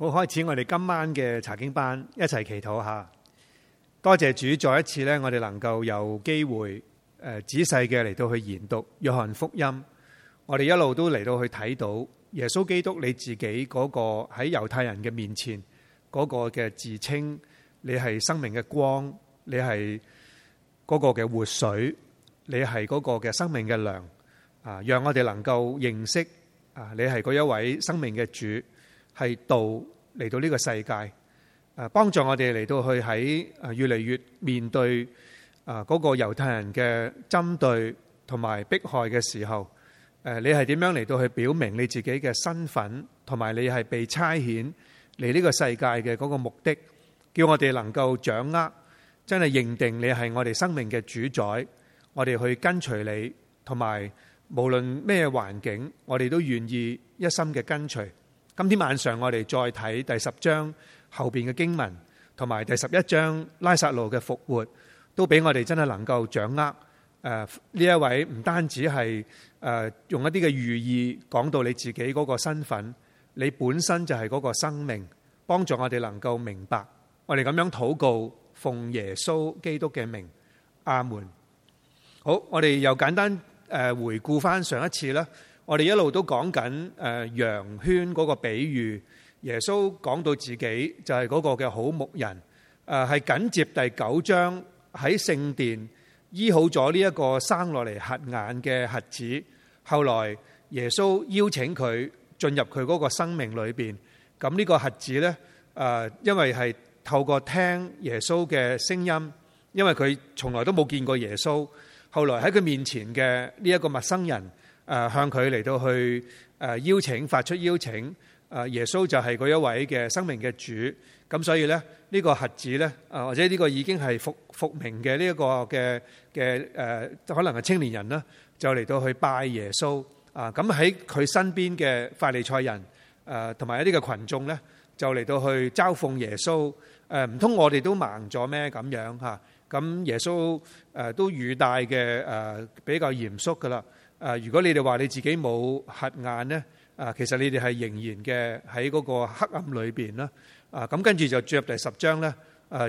好，開始我哋今晚嘅查經班，一齊祈禱下。多謝主再一次呢，我哋能夠有機會誒、呃、仔細嘅嚟到去研讀約翰福音。我哋一路都嚟到去睇到耶穌基督你自己嗰個喺猶太人嘅面前嗰，那個嘅自稱，你係生命嘅光，你係嗰個嘅活水，你係嗰個嘅生命嘅糧啊！讓我哋能夠認識啊，你係嗰一位生命嘅主。係道嚟到呢個世界，誒，幫助我哋嚟到去喺誒越嚟越面對啊嗰個猶太人嘅針對同埋迫害嘅時候，誒，你係點樣嚟到去表明你自己嘅身份，同埋你係被差遣嚟呢個世界嘅嗰個目的，叫我哋能夠掌握真係認定你係我哋生命嘅主宰，我哋去跟隨你，同埋無論咩環境，我哋都願意一心嘅跟隨。今天晚上我哋再睇第十章後邊嘅經文，同埋第十一章拉撒路嘅復活，都俾我哋真係能夠掌握誒呢、呃、一位唔單止係誒、呃、用一啲嘅寓意講到你自己嗰個身份，你本身就係嗰個生命，幫助我哋能夠明白。我哋咁樣禱告，奉耶穌基督嘅名，阿門。好，我哋又簡單誒回顧翻上一次啦。我哋一路都講緊誒羊圈嗰個比喻，耶穌講到自己就係嗰個嘅好牧人，誒係緊接第九章喺聖殿醫好咗呢一個生落嚟瞎眼嘅瞎子，後來耶穌邀請佢進入佢嗰個生命裏邊，咁呢個瞎子呢，誒因為係透過聽耶穌嘅聲音，因為佢從來都冇見過耶穌，後來喺佢面前嘅呢一個陌生人。誒向佢嚟到去誒邀請，發出邀請。誒耶穌就係嗰一位嘅生命嘅主。咁所以咧，呢個核子咧，誒或者呢個已經係復復明嘅呢一個嘅嘅誒，可能係青年人啦，就嚟到去拜耶穌。啊，咁喺佢身邊嘅法利賽人誒，同埋一啲嘅群眾咧，就嚟到去嘲諷耶穌。誒唔通我哋都盲咗咩？咁樣嚇。咁耶穌誒都語帶嘅誒比較嚴肅噶啦。誒，如果你哋話你自己冇瞎眼呢，啊，其實你哋係仍然嘅喺嗰個黑暗裏面啦。啊，咁跟住就進入第十章呢，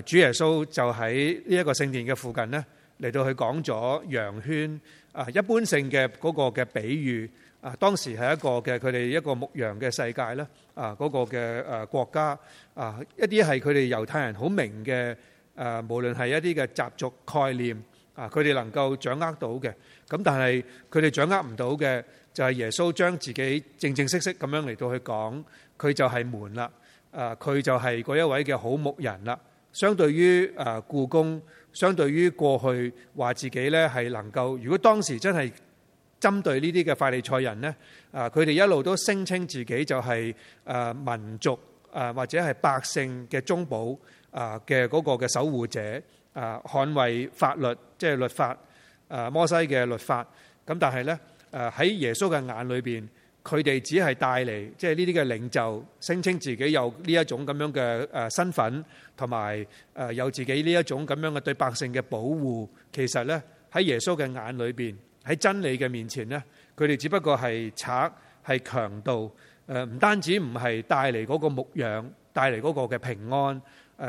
主耶穌就喺呢一個聖殿嘅附近呢，嚟到去講咗羊圈啊，一般性嘅嗰個嘅比喻啊，當時係一個嘅佢哋一個牧羊嘅世界啦，啊，嗰個嘅誒國家啊，一啲係佢哋猶太人好明嘅誒，無論係一啲嘅習俗概念。啊！佢哋能夠掌握到嘅，咁但係佢哋掌握唔到嘅，就係、是、耶穌將自己正正式式咁樣嚟到去講，佢就係門啦。啊，佢就係嗰一位嘅好牧人啦。相對於啊，故宮，相對於過去話自己呢係能夠，如果當時真係針對呢啲嘅法利賽人呢，啊，佢哋一路都聲稱自己就係啊民族啊或者係百姓嘅中保啊嘅嗰個嘅守護者。啊！捍衛法律，即係律法，啊摩西嘅律法。咁但係呢，啊喺耶穌嘅眼裏面，佢哋只係帶嚟，即係呢啲嘅領袖，聲稱自己有呢一種咁樣嘅身份，同埋誒有自己呢一種咁樣嘅對百姓嘅保護。其實呢，喺耶穌嘅眼裏面，喺真理嘅面前呢，佢哋只不過係賊，係強盜，誒唔單止唔係帶嚟嗰個牧羊，帶嚟嗰個嘅平安，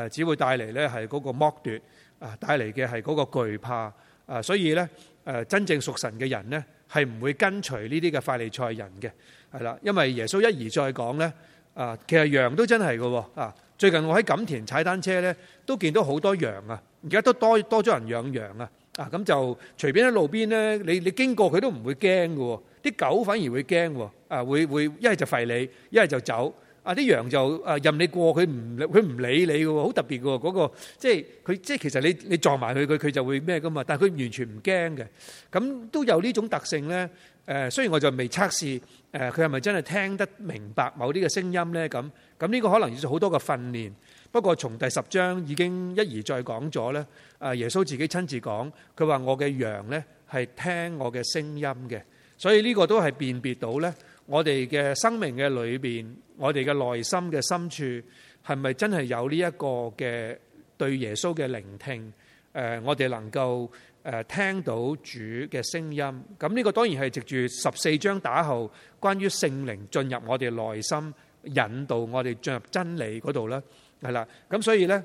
誒只會帶嚟呢係嗰個剝奪。啊，帶嚟嘅係嗰個懼怕啊，所以咧誒，真正屬神嘅人咧，係唔會跟隨呢啲嘅法利賽人嘅，係啦，因為耶穌一而再講咧啊，其實羊都真係㗎喎啊，最近我喺錦田踩單車咧，都見到好多羊啊，而家都多多咗人養羊啊，啊咁就隨便喺路邊咧，你你經過佢都唔會驚㗎喎，啲狗反而會驚喎，啊會會一係就吠你，一係就走。啊！啲羊就啊任你過，佢唔佢唔理你嘅喎，好特別嘅喎。嗰個即係佢即係其實你你撞埋佢，佢佢就會咩㗎嘛。但係佢完全唔驚嘅。咁都有呢種特性咧。誒，雖然我就未測試誒，佢係咪真係聽得明白某啲嘅聲音咧？咁咁呢個可能要做好多嘅訓練。不過從第十章已經一而再講咗咧。啊，耶穌自己親自講，佢話我嘅羊咧係聽我嘅聲音嘅，所以呢個都係辨別到咧。我哋嘅生命嘅裏邊，我哋嘅內心嘅深處，係咪真係有呢一個嘅對耶穌嘅聆聽？誒，我哋能夠誒聽到主嘅聲音？咁、這、呢個當然係藉住十四章打後，關於聖靈進入我哋內心，引導我哋進入真理嗰度啦。係啦，咁所以呢，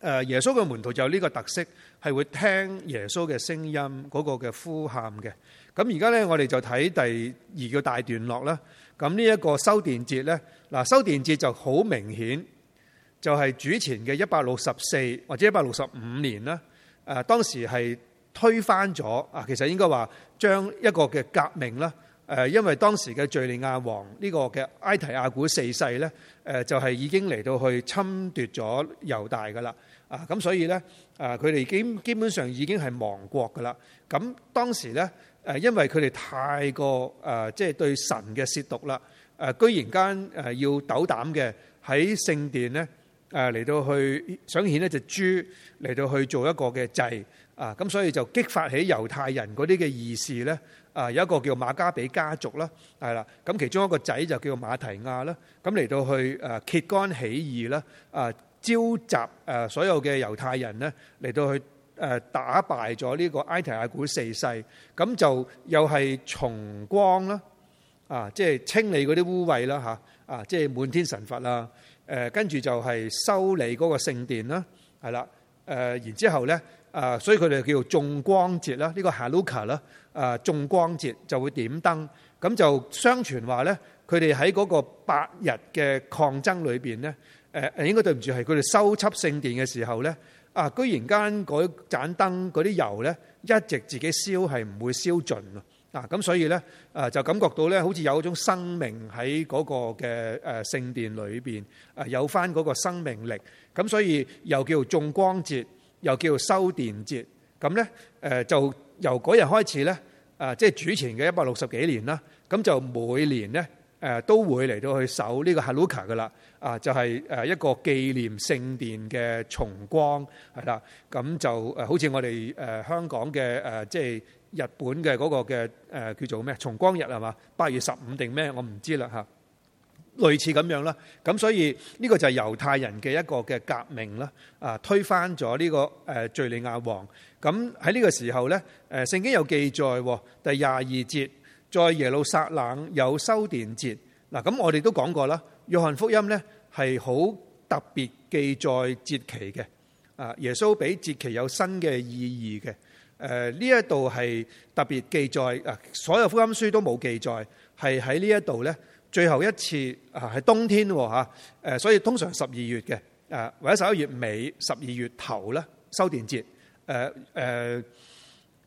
誒，耶穌嘅門徒就有呢個特色，係會聽耶穌嘅聲音嗰、那個嘅呼喊嘅。咁而家咧，我哋就睇第二個大段落啦。咁呢一個修電節咧，嗱修殿節就好明顯，就係主前嘅一百六十四或者一百六十五年啦。誒，當時係推翻咗啊，其實應該話將一個嘅革命啦。誒，因為當時嘅敍利亞王呢個嘅埃提亞古四世咧，誒就係已經嚟到去侵奪咗猶大㗎喇。啊，咁所以咧，啊佢哋已基本上已經係亡國㗎喇。咁當時咧。誒，因為佢哋太過誒，即係對神嘅褻瀆啦，誒，居然間誒要斗膽嘅喺聖殿呢誒嚟到去想顯一隻豬嚟到去做一個嘅祭啊，咁所以就激發起猶太人嗰啲嘅義士咧，啊，有一個叫馬加比家族啦，係啦，咁其中一個仔就叫做馬提亞啦，咁嚟到去誒揭竿起義啦，啊，召集誒所有嘅猶太人呢嚟到去。誒打敗咗呢個埃提阿古四世，咁就又係重光啦，啊，即係清理嗰啲污穢啦嚇，啊，即係滿天神佛啦，誒，跟住就係修理嗰個聖殿啦，係啦，誒，然之後咧，啊，所以佢哋叫做眾光節啦，呢個 Hanuka 啦，啊，眾光節就會點燈，咁就相傳話咧，佢哋喺嗰個八日嘅抗爭裏邊咧，誒，應該對唔住係佢哋收葺聖殿嘅時候咧。啊！居然間嗰盞燈嗰啲油咧，一直自己燒係唔會燒盡啊！啊咁，所以咧啊，就感覺到咧，好似有種生命喺嗰個嘅誒聖殿裏邊啊，有返嗰個生命力咁，所以又叫眾光節，又叫修殿節咁咧。誒，就由嗰日開始咧啊，即係主前嘅一百六十幾年啦。咁就每年咧。誒都會嚟到去守呢個哈魯 a 嘅啦，啊就係誒一個紀念聖殿嘅重光係啦，咁就誒好似我哋誒香港嘅誒即係日本嘅嗰個嘅誒叫做咩重光日係嘛？八月十五定咩？我唔知啦嚇，類似咁樣啦。咁所以呢個就係猶太人嘅一個嘅革命啦，啊推翻咗呢個誒敍利亞王。咁喺呢個時候咧，誒聖經有記載第廿二節。在耶路撒冷有修殿節，嗱咁我哋都講過啦。約翰福音呢係好特別記載節期嘅，啊耶穌俾節期有新嘅意義嘅。誒呢一度係特別記載，啊所有福音書都冇記載，係喺呢一度呢。最後一次啊係冬天吓，誒所以通常十二月嘅，誒或者十一月尾、十二月頭啦修殿節，誒、呃、誒。呃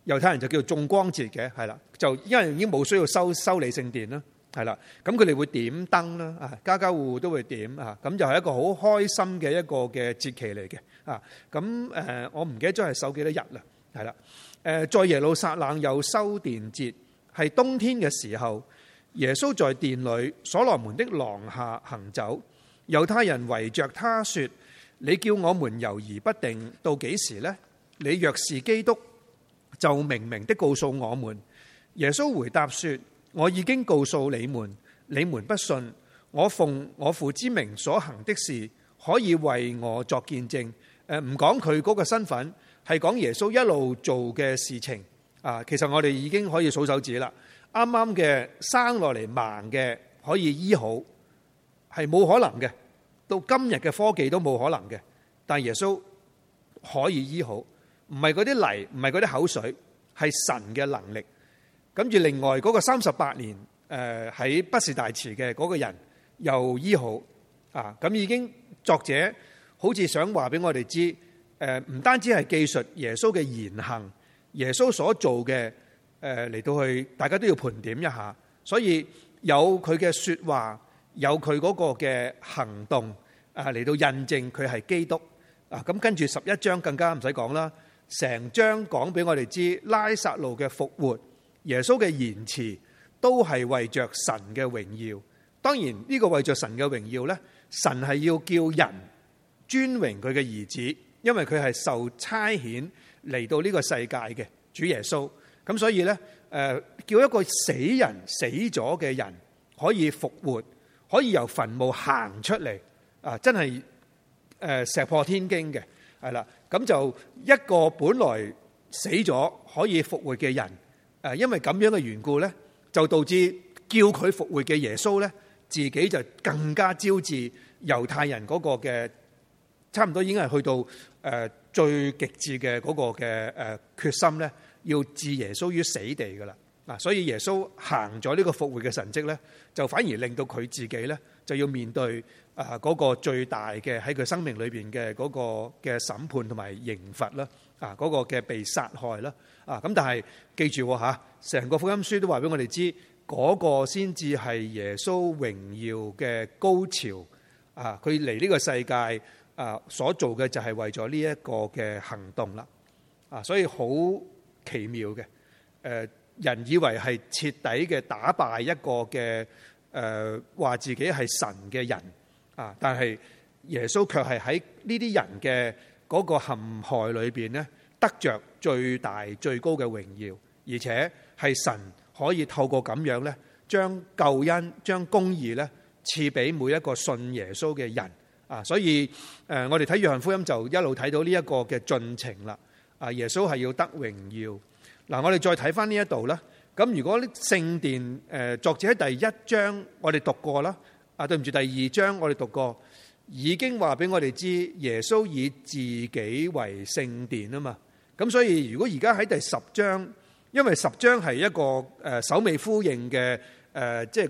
猶太人就叫做種光節嘅，係啦，就因為已經冇需要修修理聖殿啦，係啦，咁佢哋會點燈啦，啊，家家戶戶都會點啊，咁就係一個好開心嘅一個嘅節期嚟嘅，啊，咁誒，我唔記得咗係守幾多日啦，係啦，誒，在耶路撒冷有修殿節，係冬天嘅時候，耶穌在殿裏所羅門的廊下行走，猶太人圍著他說：你叫我們猶疑不定到幾時呢？你若是基督。就明明的告訴我們，耶穌回答說：我已經告訴你們，你們不信。我奉我父之名所行的事，可以為我作見證。誒、呃，唔講佢嗰個身份，係講耶穌一路做嘅事情。啊，其實我哋已經可以數手指啦。啱啱嘅生落嚟盲嘅可以醫好，係冇可能嘅。到今日嘅科技都冇可能嘅，但耶穌可以醫好。唔係嗰啲泥，唔係嗰啲口水，係神嘅能力。跟住另外嗰、那個三十八年，誒喺畢士大池嘅嗰個人又醫好啊！咁已經作者好似想話俾我哋知，唔、啊、單止係技術，耶穌嘅言行，耶穌所做嘅嚟、啊、到去，大家都要盤點一下。所以有佢嘅說話，有佢嗰個嘅行動啊，嚟到印證佢係基督啊！咁跟住十一章更加唔使講啦。成章講俾我哋知，拉撒路嘅復活，耶穌嘅言辭，都係為着神嘅榮耀。當然呢、呢個為着神嘅榮耀，神係要叫人尊榮佢嘅兒子，因為佢係受差遣嚟到呢個世界嘅主耶穌。咁所以呢，誒、呃，叫一個死人死咗嘅人可以復活，可以由墳墓行出嚟，啊，真係誒石破天驚嘅。係啦，咁就一個本來死咗可以復活嘅人，誒，因為咁樣嘅緣故咧，就導致叫佢復活嘅耶穌咧，自己就更加招致猶太人嗰個嘅差唔多已經係去到誒最極致嘅嗰個嘅誒決心咧，要置耶穌於死地噶啦。嗱，所以耶穌行咗呢個復活嘅神跡咧，就反而令到佢自己咧就要面對。啊！嗰個最大嘅喺佢生命裏邊嘅嗰個嘅審判同埋刑罰啦，啊、那、嗰個嘅被殺害啦，啊咁但係記住吓，成個福音書都話俾我哋知嗰個先至係耶穌榮耀嘅高潮啊！佢嚟呢個世界啊，所做嘅就係為咗呢一個嘅行動啦啊，所以好奇妙嘅誒人以為係徹底嘅打敗一個嘅誒話自己係神嘅人。啊！但係耶穌卻係喺呢啲人嘅嗰個陷害裏邊呢，得着最大最高嘅榮耀，而且係神可以透過咁樣呢，將救恩、將公義呢，賜俾每一個信耶穌嘅人啊！所以誒，我哋睇《約翰福音》就一路睇到呢一個嘅進程啦！啊，耶穌係要得榮耀。嗱，我哋再睇翻呢一度啦。咁如果聖殿誒作者喺第一章，我哋讀過啦。啊，對唔住，第二章我哋讀過，已經話俾我哋知耶穌以自己為聖殿啊嘛。咁所以如果而家喺第十章，因為十章係一個誒首尾呼應嘅誒，即係嗰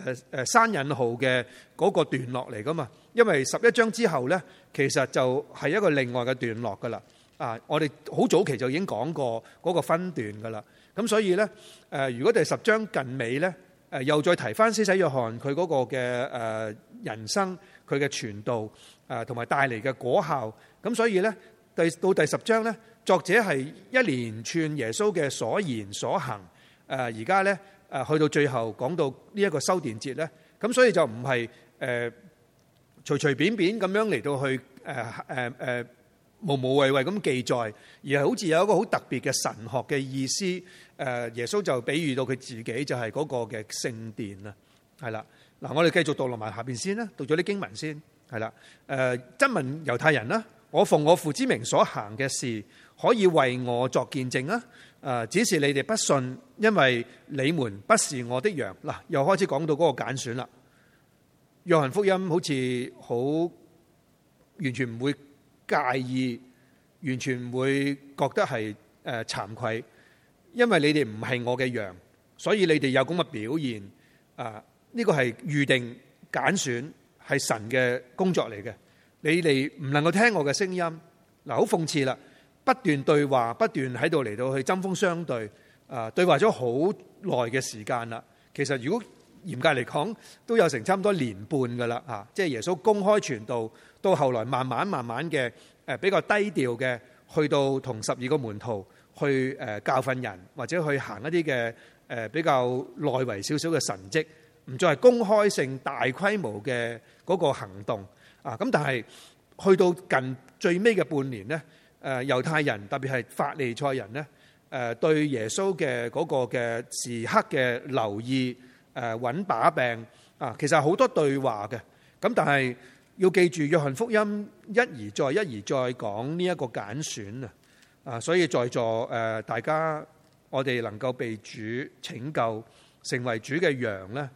個誒、呃、山引號嘅嗰個段落嚟噶嘛。因為十一章之後呢，其實就係一個另外嘅段落噶啦。啊，我哋好早期就已經講過嗰個分段噶啦。咁所以呢，誒、呃、如果第十章近尾呢，誒又再提翻施洗約翰佢嗰個嘅誒人生，佢嘅傳道，誒同埋帶嚟嘅果效。咁所以咧，第到第十章咧，作者係一連串耶穌嘅所言所行。誒而家咧，誒去到最後講到呢一個修殿節咧，咁所以就唔係誒隨隨便便咁樣嚟到去誒誒誒。啊啊啊無無謂謂咁記載，而係好似有一個好特別嘅神學嘅意思。誒，耶穌就比喻到佢自己就係嗰個嘅聖殿啦。係啦，嗱，我哋繼續讀落埋下邊先啦，讀咗啲經文先。係啦，誒，質問猶太人啦，我奉我父之名所行嘅事，可以為我作見證啊。誒，只是你哋不信，因為你們不是我的羊。嗱，又開始講到嗰個揀選啦。約翰福音好似好完全唔會。介意，完全唔會覺得係誒慚愧，因為你哋唔係我嘅羊，所以你哋有咁嘅表現啊？呢、個係預定揀選，係神嘅工作嚟嘅。你哋唔能夠聽我嘅聲音，嗱，好諷刺啦！不斷對話，不斷喺度嚟到去針鋒相對啊！對話咗好耐嘅時間啦，其實如果嚴格嚟講，都有成差唔多年半噶啦吓，即係啊耶穌公開傳道。到後來慢慢慢慢嘅比較低調嘅，去到同十二個門徒去誒教訓人，或者去行一啲嘅比較內圍少少嘅神迹，唔再係公開性大規模嘅嗰個行動啊！咁但係去到近最尾嘅半年呢，誒猶太人特別係法利賽人呢，誒對耶穌嘅嗰個嘅時刻嘅留意誒搵把柄，啊，其實好多對話嘅，咁但係。要記住《約翰福音》一而再、一而再講呢一個揀選啊！啊，所以在座誒，大家我哋能夠被主拯救，成為主嘅羊呢，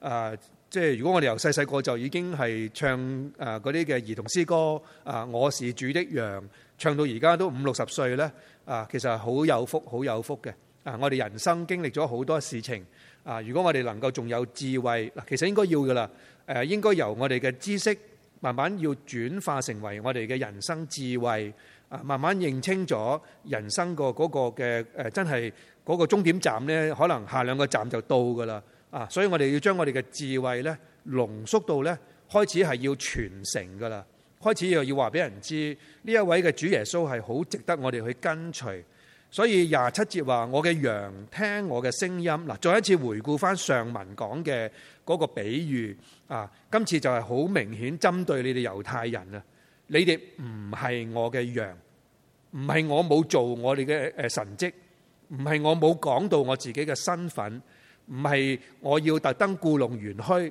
啊，即係如果我哋由細細個就已經係唱誒嗰啲嘅兒童詩歌啊，我是主的羊，唱到而家都五六十歲呢，啊，其實係好有福、好有福嘅啊！我哋人生經歷咗好多事情啊，如果我哋能夠仲有智慧，嗱，其實應該要噶啦，誒，應該由我哋嘅知識。慢慢要轉化成為我哋嘅人生智慧啊！慢慢認清咗人生嗰個嗰個嘅誒，真係嗰個終點站呢，可能下兩個站就到㗎啦啊！所以我哋要將我哋嘅智慧呢，濃縮到呢，開始係要傳承㗎啦，開始又要話俾人知呢一位嘅主耶穌係好值得我哋去跟隨。所以廿七節話：我嘅羊聽我嘅聲音。嗱，再一次回顧翻上文講嘅嗰個比喻啊，今次就係好明顯針對你哋猶太人啊！你哋唔係我嘅羊，唔係我冇做我哋嘅誒神蹟，唔係我冇講到我自己嘅身份，唔係我要特登故弄玄虛。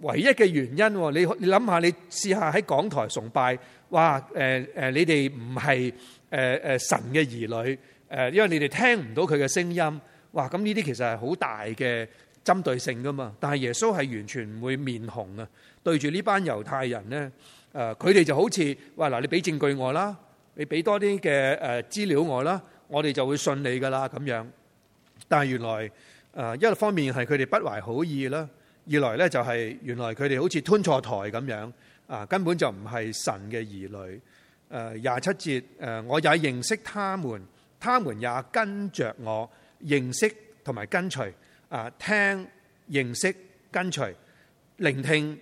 唯一嘅原因，你你諗下，你試下喺港台崇拜，哇！誒誒，你哋唔係。誒、呃、誒、呃、神嘅兒女，誒、呃、因為你哋聽唔到佢嘅聲音，哇！咁呢啲其實係好大嘅針對性噶嘛。但係耶穌係完全唔會面紅啊，對住呢班猶太人咧，誒佢哋就好似話嗱，你俾證據我啦，你俾多啲嘅誒資料我啦，我哋就會信你噶啦咁樣。但係原來誒、呃、一方面係佢哋不懷好意啦，二來咧就係原來佢哋好似吞錯台咁樣啊、呃，根本就唔係神嘅兒女。誒廿七節誒，我也認識他們，他們也跟着我認識同埋跟隨啊，聽認識跟隨聆聽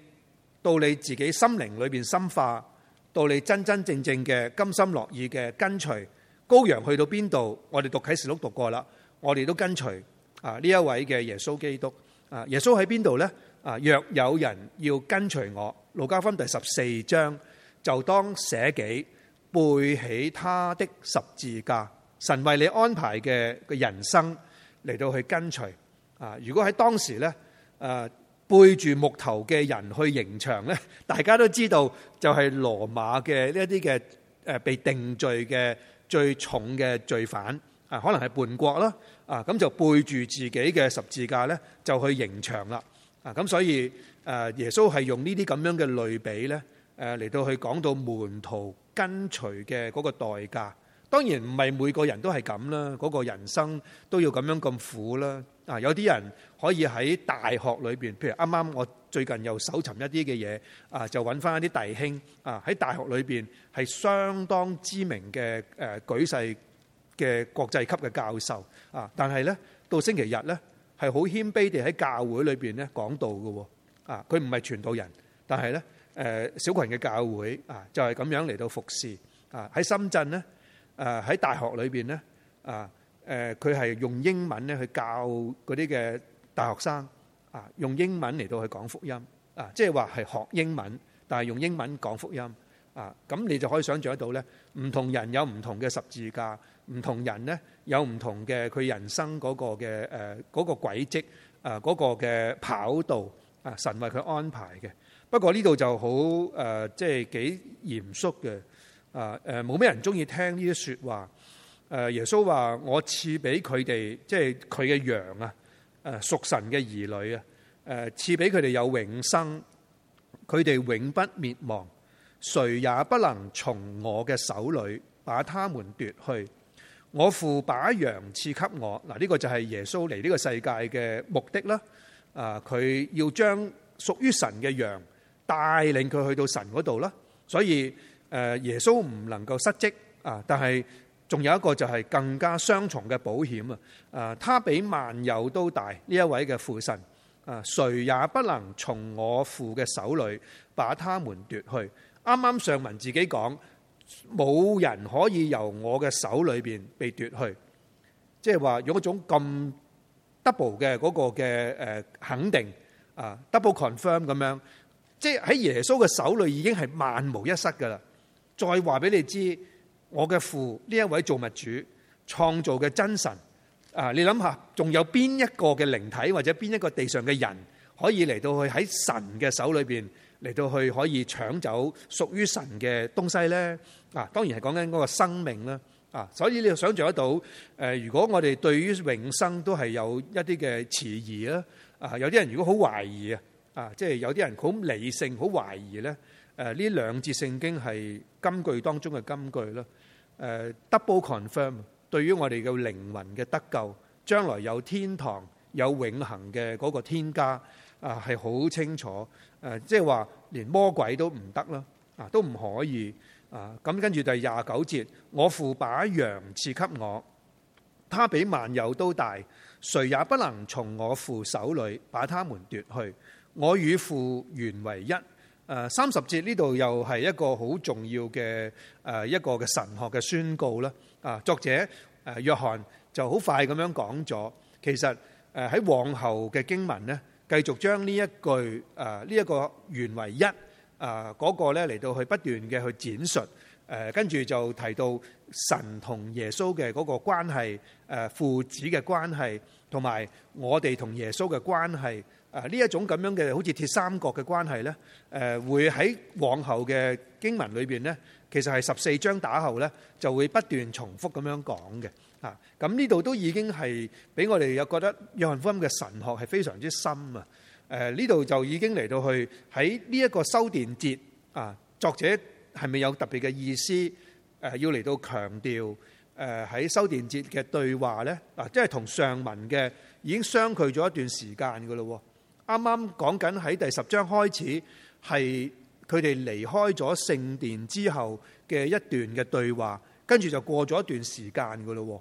到你自己心靈裏邊深化，到你真真正正嘅甘心樂意嘅跟隨。羔羊去到邊度？我哋讀啟示錄讀過啦，我哋都跟隨啊呢一位嘅耶穌基督啊，耶穌喺邊度呢？啊，若有人要跟隨我，路加福音第十四章就當捨己。背起他的十字架，神為你安排嘅嘅人生嚟到去跟隨啊！如果喺當時呢，誒背住木頭嘅人去刑場呢，大家都知道就係羅馬嘅呢一啲嘅誒被定罪嘅最重嘅罪犯啊，可能係叛國啦啊，咁就背住自己嘅十字架呢，就去刑場啦啊！咁所以誒耶穌係用呢啲咁樣嘅類比呢誒嚟到去講到門徒。跟隨嘅嗰個代價，當然唔係每個人都係咁啦，嗰個人生都要咁樣咁苦啦。啊，有啲人可以喺大學裏邊，譬如啱啱我最近又搜尋一啲嘅嘢，啊，就揾返一啲弟兄啊，喺大學裏邊係相當知名嘅誒舉世嘅國際級嘅教授啊，但係呢到星期日呢係好謙卑地喺教會裏邊呢講道嘅喎，啊，佢唔係傳道人，但係呢。誒小群嘅教會啊，就係咁樣嚟到服侍啊！喺深圳咧，誒喺大學裏邊咧，啊誒佢係用英文咧去教嗰啲嘅大學生啊，用英文嚟到去講福音啊，即係話係學英文，但係用英文講福音啊，咁你就可以想象得到咧，唔同人有唔同嘅十字架，唔同人咧有唔同嘅佢人生嗰個嘅誒嗰個軌跡啊，嗰個嘅跑道啊，神為佢安排嘅。不過呢度就好誒，即係幾嚴肅嘅，啊、呃、誒，冇咩人中意聽呢啲說話。誒、呃，耶穌話：我賜俾佢哋，即係佢嘅羊啊，誒、呃，屬神嘅兒女啊，誒、呃，賜俾佢哋有永生，佢哋永不滅亡，誰也不能從我嘅手裏把他們奪去。我父把羊賜給我，嗱、呃，呢個就係耶穌嚟呢個世界嘅目的啦。啊、呃，佢要將屬於神嘅羊。帶領佢去到神嗰度啦，所以誒耶穌唔能夠失職啊！但係仲有一個就係更加雙重嘅保險啊！啊，他比萬有都大呢一位嘅父神啊，誰也不能從我父嘅手裏把他們奪去。啱啱上文自己講，冇人可以由我嘅手裏邊被奪去，即係話有一種咁 double 嘅嗰個嘅誒肯定啊，double confirm 咁樣。即係喺耶穌嘅手裏已經係萬無一失噶啦，再話俾你知，我嘅父呢一位造物主創造嘅真神啊，你諗下仲有邊一個嘅靈體或者邊一個地上嘅人可以嚟到去喺神嘅手裏邊嚟到去可以搶走屬於神嘅東西咧？啊，當然係講緊嗰個生命啦啊，所以你又想象得到誒、呃，如果我哋對於永生都係有一啲嘅遲疑啦，啊，有啲人如果好懷疑啊。啊，即係有啲人好理性，好懷疑咧。誒，呢兩節聖經係金句當中嘅金句咯。誒，double confirm 對於我哋嘅靈魂嘅得救，將來有天堂、有永恆嘅嗰個天家，啊，係好清楚。誒，即係話連魔鬼都唔得咯，啊都唔可以。啊，咁跟住第廿九節，我父把羊賜給我，他比萬有都大，誰也不能從我父手裏把他們奪去。我與父原為一。誒三十節呢度又係一個好重要嘅誒一個嘅神學嘅宣告啦。啊，作者誒約翰就好快咁樣講咗。其實誒喺往後嘅經文呢，繼續將呢一句誒呢一個原為一誒嗰個咧嚟到去不斷嘅去展述。誒跟住就提到神同耶穌嘅嗰個關係，誒父子嘅關係，同埋我哋同耶穌嘅關係。啊！呢一種咁樣嘅好似鐵三角嘅關係咧，誒會喺往後嘅經文裏邊咧，其實係十四章打後咧就會不斷重複咁樣講嘅。啊，咁呢度都已經係俾我哋又覺得約翰福音嘅神學係非常之深啊！誒，呢度就已經嚟到去喺呢一個修殿節啊，作者係咪有特別嘅意思誒？要嚟到強調誒喺修殿節嘅對話咧？嗱，即係同上文嘅已經相距咗一段時間噶咯喎。啱啱講緊喺第十章開始，係佢哋離開咗聖殿之後嘅一段嘅對話，跟住就過咗一段時間嘅咯喎。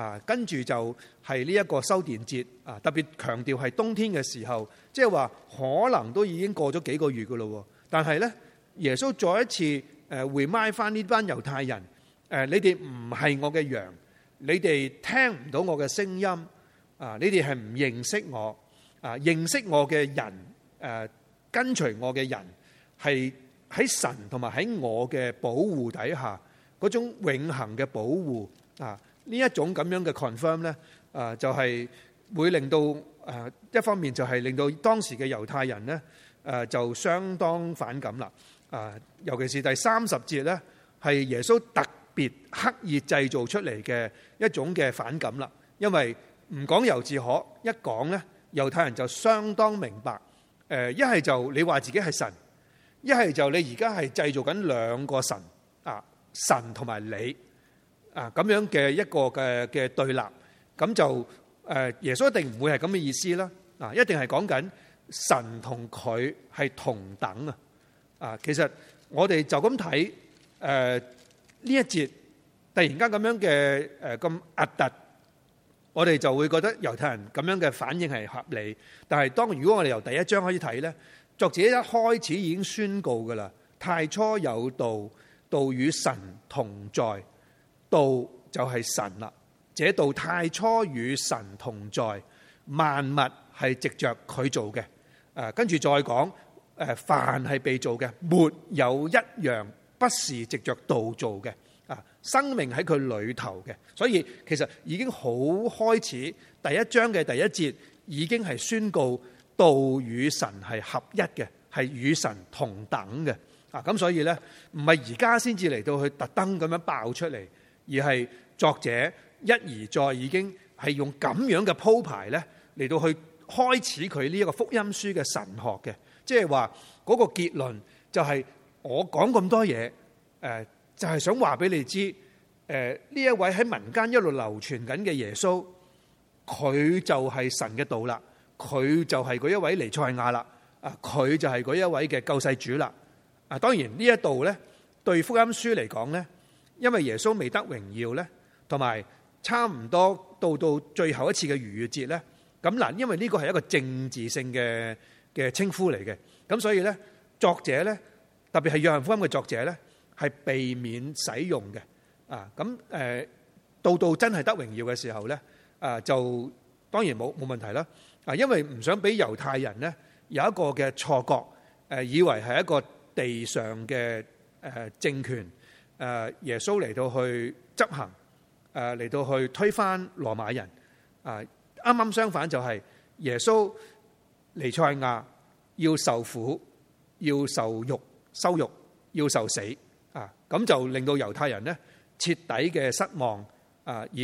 啊，跟住就係呢一個修殿節啊，特別強調係冬天嘅時候，即係話可能都已經過咗幾個月嘅咯喎。但係呢，耶穌再一次誒回賣翻呢班猶太人誒，你哋唔係我嘅羊，你哋聽唔到我嘅聲音啊，你哋係唔認識我。認識我嘅人，誒，跟隨我嘅人，係喺神同埋喺我嘅保護底下，嗰種永恆嘅保護啊！呢一種咁樣嘅 confirm 呢，誒，就係會令到，誒，一方面就係令到當時嘅猶太人呢，誒，就相當反感啦！啊，尤其是第三十節呢，係耶穌特別刻意製造出嚟嘅一種嘅反感啦，因為唔講猶自可，一講呢。猶太人就相當明白，誒，一係就你話自己係神，一係就你而家係製造緊兩個神啊，神同埋你啊，咁樣嘅一個嘅嘅對立，咁就誒，耶穌一定唔會係咁嘅意思啦，啊一定係講緊神同佢係同等啊，啊其實我哋就咁睇誒，呢一節，突然間咁樣嘅誒，咁壓突。我哋就會覺得猶太人咁樣嘅反應係合理，但係當如果我哋由第一章開始睇呢，作者一開始已經宣告嘅啦，太初有道，道與神同在，道就係神啦。這道太初與神同在，萬物係藉着佢做嘅。跟住再講誒，凡係被做嘅，沒有一樣不是藉着道做嘅。生命喺佢裏頭嘅，所以其實已經好開始第一章嘅第一節已經係宣告道與神係合一嘅，係與神同等嘅。啊，咁所以呢，唔係而家先至嚟到去特登咁樣爆出嚟，而係作者一而再已經係用咁樣嘅鋪排呢，嚟到去開始佢呢一個福音書嘅神學嘅，即係話嗰個結論就係我講咁多嘢誒。就係想話俾你知，誒呢一位喺民間一路流傳緊嘅耶穌，佢就係神嘅道啦，佢就係嗰一位尼賽亞啦，啊佢就係嗰一位嘅救世主啦，啊當然呢一度呢，對福音書嚟講呢，因為耶穌未得榮耀呢，同埋差唔多到到最後一次嘅逾越節呢，咁嗱，因為呢個係一個政治性嘅嘅稱呼嚟嘅，咁所以呢，作者呢，特別係約翰福音嘅作者呢。係避免使用嘅，啊，咁誒到到真係得榮耀嘅時候咧，啊，就當然冇冇問題啦，啊，因為唔想俾猶太人呢有一個嘅錯覺，誒以為係一個地上嘅誒政權，誒耶穌嚟到去執行，誒嚟到去推翻羅馬人，啊，啱啱相反就係耶穌彌賽亞要受苦，要受辱羞辱，要受死。啊，咁就令到猶太人呢徹底嘅失望啊！而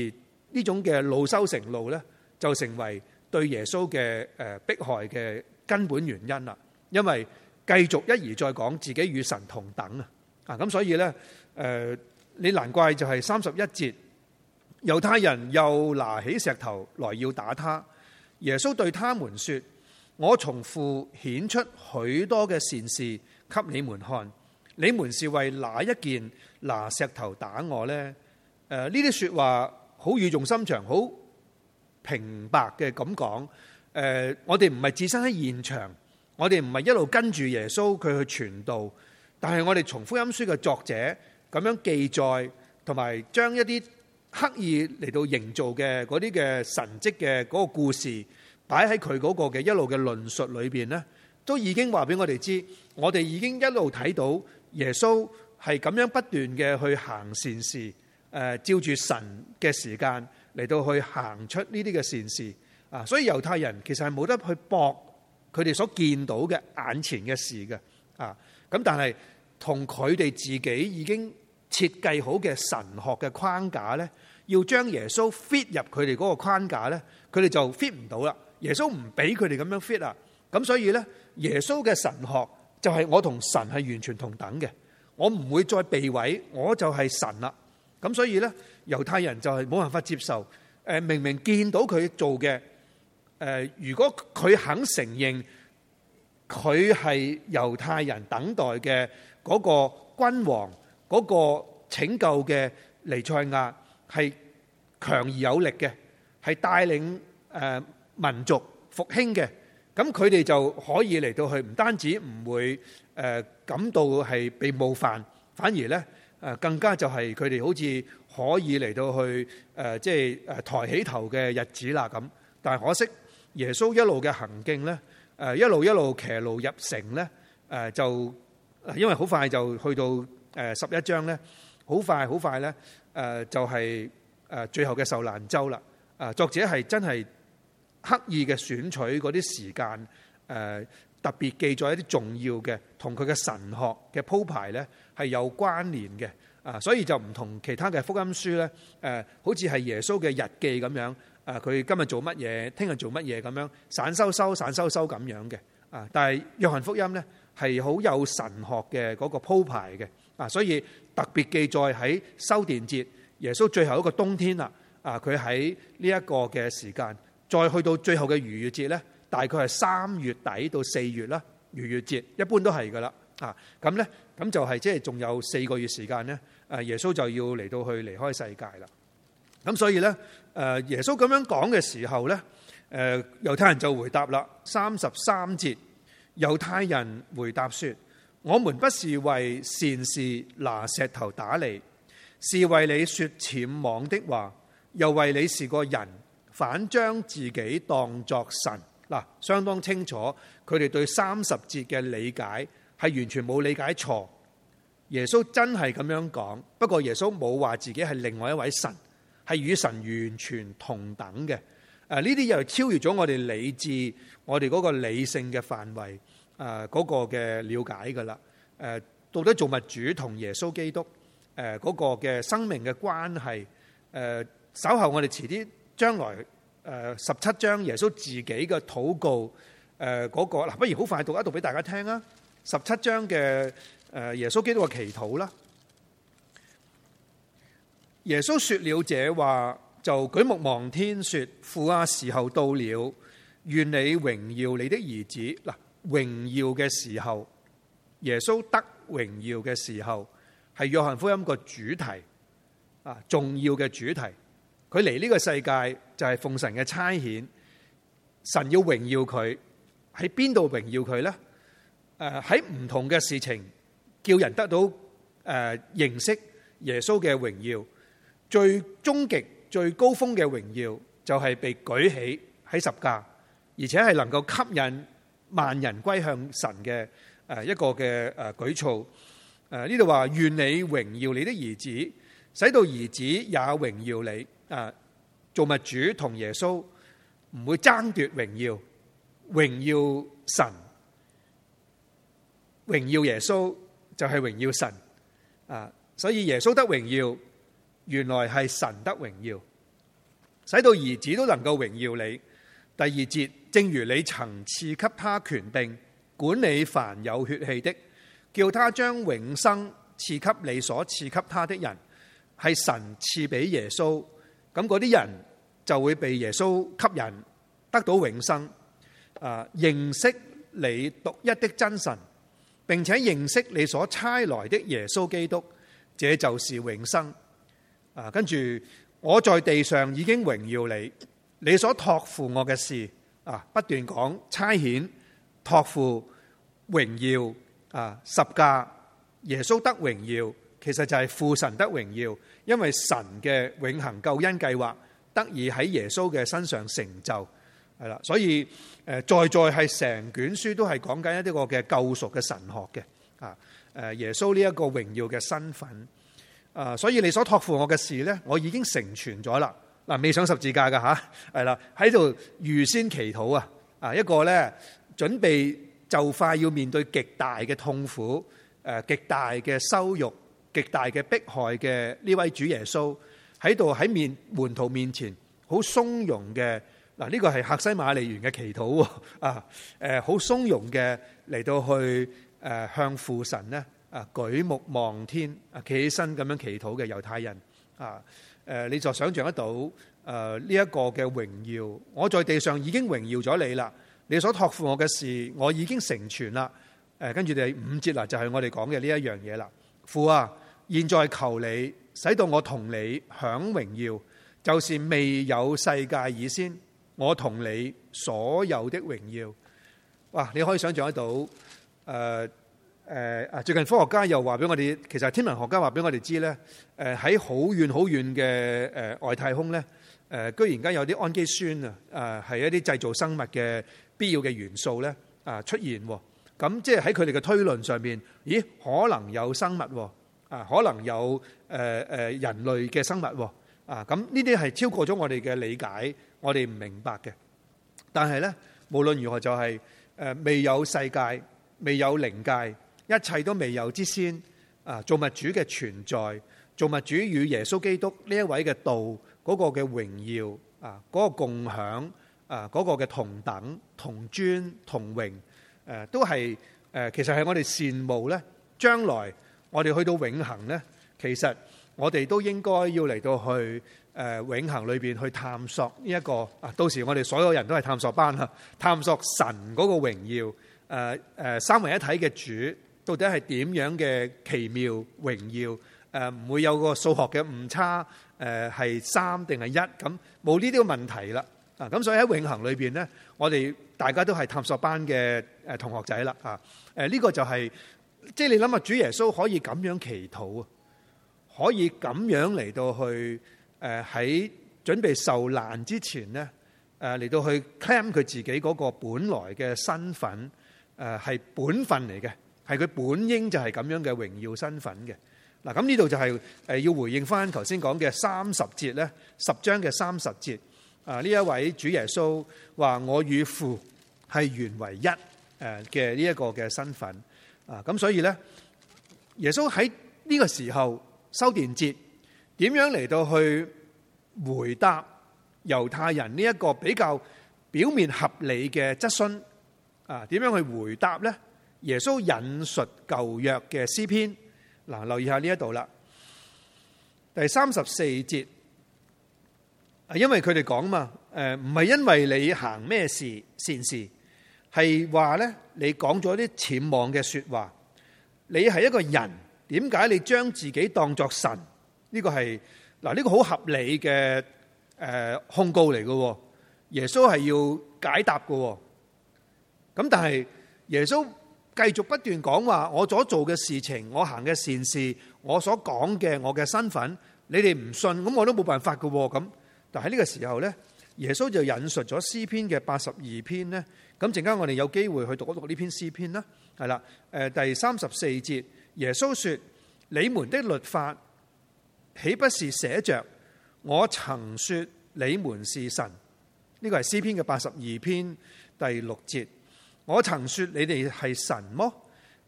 呢種嘅惱羞成怒呢，就成為對耶穌嘅誒、呃、迫害嘅根本原因啦。因為繼續一而再講自己與神同等啊！啊，咁所以呢，誒、呃，你難怪就係三十一節，猶太人又拿起石頭來要打他。耶穌對他們說：我從父顯出許多嘅善事給你們看。你們是為哪一件拿石頭打我呢？誒、呃，呢啲說話好語重心長，好平白嘅咁講。誒、呃，我哋唔係置身喺現場，我哋唔係一路跟住耶穌佢去傳道，但係我哋從福音書嘅作者咁樣記載，同埋將一啲刻意嚟到營造嘅嗰啲嘅神蹟嘅嗰個故事擺喺佢嗰個嘅一路嘅論述裏面，呢都已經話俾我哋知，我哋已經一路睇到。耶穌係咁樣不斷嘅去行善事，誒、呃，照住神嘅時間嚟到去行出呢啲嘅善事啊！所以猶太人其實係冇得去駁佢哋所見到嘅眼前嘅事嘅啊！咁但係同佢哋自己已經設計好嘅神學嘅框架咧，要將耶穌 fit 入佢哋嗰個框架咧，佢哋就 fit 唔到啦。耶穌唔俾佢哋咁樣 fit 啊！咁所以咧，耶穌嘅神學。就係、是、我同神係完全同等嘅，我唔會再避諱，我就係神啦。咁所以咧，猶太人就係冇辦法接受。誒，明明見到佢做嘅，誒如果佢肯承認佢係猶太人等待嘅嗰個君王，嗰、那個拯救嘅彌賽亞係強而有力嘅，係帶領誒民族復興嘅。咁佢哋就可以嚟到去，唔單止唔會誒感到係被冒犯，反而咧誒更加就係佢哋好似可以嚟到去誒即係誒抬起頭嘅日子啦咁。但係可惜，耶穌一路嘅行徑咧誒一路一路騎驢入城咧，誒就因為好快就去到誒十一章咧，好快好快咧誒就係誒最後嘅受難週啦。誒作者係真係刻意嘅選取嗰啲時間，誒特別記載一啲重要嘅同佢嘅神學嘅鋪排呢係有關連嘅啊，所以就唔同其他嘅福音書呢，誒，好似係耶穌嘅日記咁樣啊，佢今日做乜嘢，聽日做乜嘢咁樣散修修散修修咁樣嘅啊。但係約翰福音呢，係好有神學嘅嗰個鋪排嘅啊，所以特別記載喺修殿節，耶穌最後一個冬天啦啊，佢喺呢一個嘅時間。再去到最後嘅逾越節呢，大概係三月底到四月啦。逾越節一般都係噶啦，嚇、啊、咁呢，咁就係即係仲有四個月時間呢，誒耶穌就要嚟到去離開世界啦。咁所以呢，誒耶穌咁樣講嘅時候呢，誒、啊、猶太人就回答啦，三十三節，猶太人回答説：我們不是為善事拿石頭打你，是為你説僭妄的話，又為你是個人。反將自己當作神嗱，相當清楚佢哋對三十節嘅理解係完全冇理解錯。耶穌真係咁樣講，不過耶穌冇話自己係另外一位神，係與神完全同等嘅。誒呢啲又超越咗我哋理智、我哋嗰個理性嘅範圍誒嗰個嘅了解噶啦。誒、呃、到底造物主同耶穌基督誒嗰、呃嗰個嘅生命嘅關係誒、呃，稍後我哋遲啲。將來誒，十七章耶穌自己嘅禱告誒，嗰、嗰個嗱，不如好快讀一道俾大家聽啊！十七章嘅誒，耶穌基督嘅祈禱啦。耶穌說了這話，就舉目望天說：父啊，時候到了，願你榮耀你的兒子。嗱，榮耀嘅時候，耶穌得榮耀嘅時候，係約翰福音個主題啊，重要嘅主題。佢嚟呢個世界就係、是、奉神嘅差遣，神要榮耀佢，喺邊度榮耀佢咧？誒，喺唔同嘅事情叫人得到誒、呃、認識耶穌嘅榮耀，最終極、最高峰嘅榮耀就係、是、被舉起喺十架，而且係能夠吸引萬人歸向神嘅誒一個嘅誒舉措。誒呢度話願你榮耀你的兒子，使到兒子也榮耀你。啊！造物主同耶穌唔會爭奪榮耀，榮耀神，榮耀耶穌就係榮耀神啊！所以耶穌得榮耀，原來係神得榮耀，使到兒子都能夠榮耀你。第二節，正如你曾賜給他權柄，管理凡有血氣的，叫他將永生賜給你所賜給他的人，係神賜俾耶穌。咁嗰啲人就會被耶穌吸引，得到永生。啊，認識你獨一的真神，並且認識你所差來的耶穌基督，這就是永生。啊，跟住我在地上已經榮耀你，你所託付我嘅事，啊，不斷講差遣、託付、榮耀。啊，十架耶穌得榮耀。其實就係父神得榮耀，因為神嘅永恒救恩計劃，得以喺耶穌嘅身上成就，係啦。所以誒在在係成卷書都係講緊一啲我嘅救贖嘅神學嘅啊耶穌呢一個榮耀嘅身份啊，所以你所託付我嘅事呢，我已經成全咗啦。嗱，未上十字架噶吓，係啦，喺度預先祈禱啊啊一個呢準備就快要面對極大嘅痛苦誒極大嘅羞辱。極大嘅迫害嘅呢位主耶穌喺度喺面門徒面前好鬆容嘅。嗱呢個係客西馬尼園嘅祈禱啊誒，好鬆容嘅嚟到去誒、啊、向父神咧啊，舉目望天啊企起身咁樣祈禱嘅猶太人啊誒、啊、你就想象得到誒，呢一個嘅榮耀，我在地上已經榮耀咗你啦，你所託付我嘅事我已經成全啦。誒跟住第五節嗱就係、是、我哋講嘅呢一樣嘢啦，父啊！現在求你使到我同你享榮耀，就是未有世界以先，我同你所有的榮耀。哇！你可以想象得到，誒誒誒，最近科學家又話俾我哋，其實天文學家話俾我哋知咧，誒喺好遠好遠嘅誒外太空咧，誒、呃、居然間有啲氨基酸啊，誒、呃、係一啲製造生物嘅必要嘅元素咧，啊、呃、出現，咁、呃、即係喺佢哋嘅推論上面，咦可能有生物。呃可能有誒誒人類嘅生物喎，啊咁呢啲係超過咗我哋嘅理解，我哋唔明白嘅。但係呢，無論如何就係誒未有世界，未有靈界，一切都未有之先，啊造物主嘅存在，造物主與耶穌基督呢一位嘅道嗰個嘅榮耀啊，嗰個共享啊，嗰個嘅同等同尊同榮，誒都係誒其實係我哋羨慕呢，將來。我哋去到永恒呢，其實我哋都應該要嚟到去誒、呃、永恒裏邊去探索呢一個啊！到時我哋所有人都係探索班啦，探索神嗰個榮耀誒誒、呃、三位一體嘅主到底係點樣嘅奇妙榮耀誒？唔、呃、會有個數學嘅誤差誒，係、呃、三定係一咁冇呢啲問題啦啊！咁所以喺永恒裏邊呢，我哋大家都係探索班嘅誒同學仔啦嚇誒，呢個就係。即係你諗下，主耶穌可以咁樣祈禱啊，可以咁樣嚟到去誒，喺、呃、準備受難之前咧，誒、呃、嚟到去 claim 佢自己嗰個本來嘅身份誒，係、呃、本分嚟嘅，係佢本應就係咁樣嘅榮耀身份嘅。嗱、呃，咁呢度就係誒要回應翻頭先講嘅三十節咧，十章嘅三十節啊，呢、呃、一位主耶穌話我與父係原為一誒嘅呢一個嘅身份。啊，咁所以咧，耶穌喺呢個時候修殿節，點樣嚟到去回答猶太人呢一個比較表面合理嘅質詢？啊，點樣去回答咧？耶穌引述舊約嘅詩篇，嗱，留意下呢一度啦，第三十四節，因為佢哋講嘛，誒，唔係因為你行咩事善事。係話呢，你講咗啲僭妄嘅說話，你係一個人，點解你將自己當作神？呢個係，嗱，呢個好合理嘅誒控告嚟嘅，耶穌係要解答嘅。咁但係耶穌繼續不斷講話，我所做嘅事情，我行嘅善事，我所講嘅我嘅身份，你哋唔信，咁我都冇辦法嘅。咁但係呢個時候呢。耶穌就引述咗詩篇嘅八十二篇呢，咁陣間我哋有機會去讀一讀呢篇詩篇啦，係啦，誒，第三十四節，耶穌說：你們的律法豈不是寫着我曾，是、這個、是我曾說你們是神？呢個係詩篇嘅八十二篇第六節。我曾說你哋係神麼？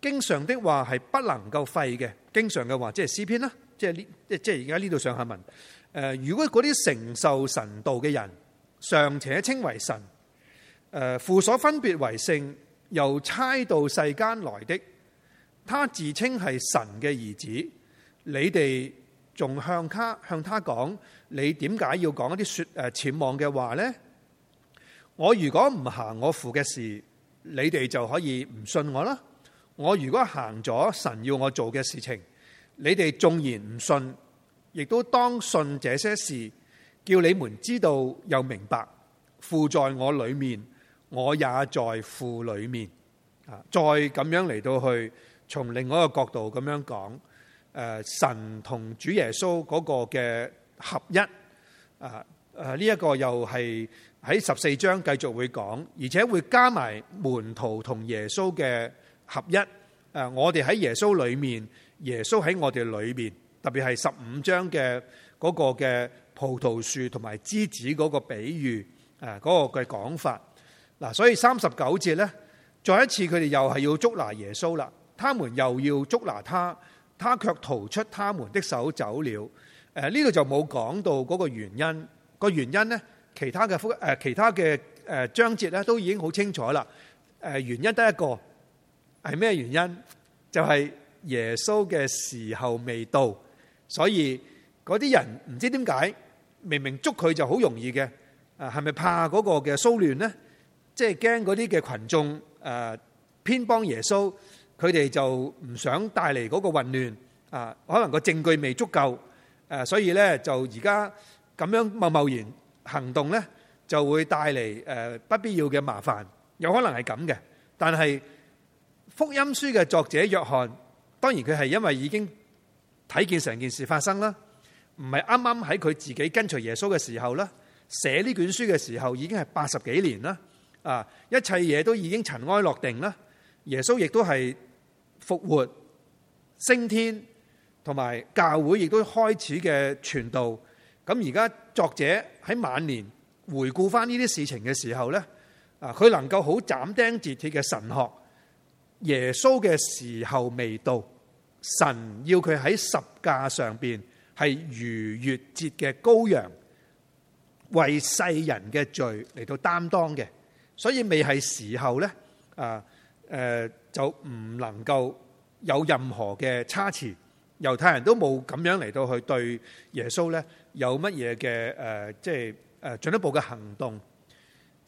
經常的話係不能夠廢嘅，經常嘅話即係詩篇啦，即係呢即係而家呢度上下文。誒、呃，如果嗰啲承受神道嘅人，尚且稱為神，誒，父所分別為聖，由差到世間來的，他自稱係神嘅兒子。你哋仲向他向他講，你點解要講一啲說誒僭妄嘅話呢？我如果唔行我父嘅事，你哋就可以唔信我啦。我如果行咗神要我做嘅事情，你哋縱然唔信，亦都當信這些事。叫你們知道又明白，父在我裏面，我也在父裏面。再咁樣嚟，到去，從另外一個角度咁樣講，誒、呃，神同主耶穌嗰個嘅合一，啊、呃，呢、這、一個又係喺十四章繼續會講，而且會加埋門徒同耶穌嘅合一。誒、呃，我哋喺耶穌裏面，耶穌喺我哋裏面，特別係十五章嘅嗰個嘅。葡萄樹同埋枝子嗰個比喻，誒、那、嗰個嘅講法，嗱，所以三十九節咧，再一次佢哋又係要捉拿耶穌啦，他們又要捉拿他，他卻逃出他們的手走了，誒，呢度就冇講到嗰個原因，個原因咧，其他嘅副、誒其他嘅誒章節咧都已經好清楚啦，誒，原因得一個係咩原因？就係、是、耶穌嘅時候未到，所以嗰啲人唔知點解。明明捉佢就好容易嘅，係咪怕嗰個嘅騷亂咧？即係驚嗰啲嘅群眾誒偏幫耶穌，佢哋就唔想帶嚟嗰個混亂啊！可能個證據未足夠誒，所以咧就而家咁樣貿貿然行動咧，就會帶嚟誒不必要嘅麻煩，有可能係咁嘅。但係福音書嘅作者約翰，當然佢係因為已經睇見成件事發生啦。唔係啱啱喺佢自己跟隨耶穌嘅時候啦，寫呢卷書嘅時候已經係八十幾年啦，啊，一切嘢都已經塵埃落定啦，耶穌亦都係復活、升天，同埋教會亦都開始嘅傳道。咁而家作者喺晚年回顧翻呢啲事情嘅時候呢啊，佢能夠好斬釘截鐵嘅神學，耶穌嘅時候未到，神要佢喺十架上邊。係逾越節嘅羔羊，為世人嘅罪嚟到擔當嘅，所以未係時候咧，啊、呃、誒、呃、就唔能夠有任何嘅差池。猶太人都冇咁樣嚟到去對耶穌咧有乜嘢嘅誒，即係誒、呃、進一步嘅行動。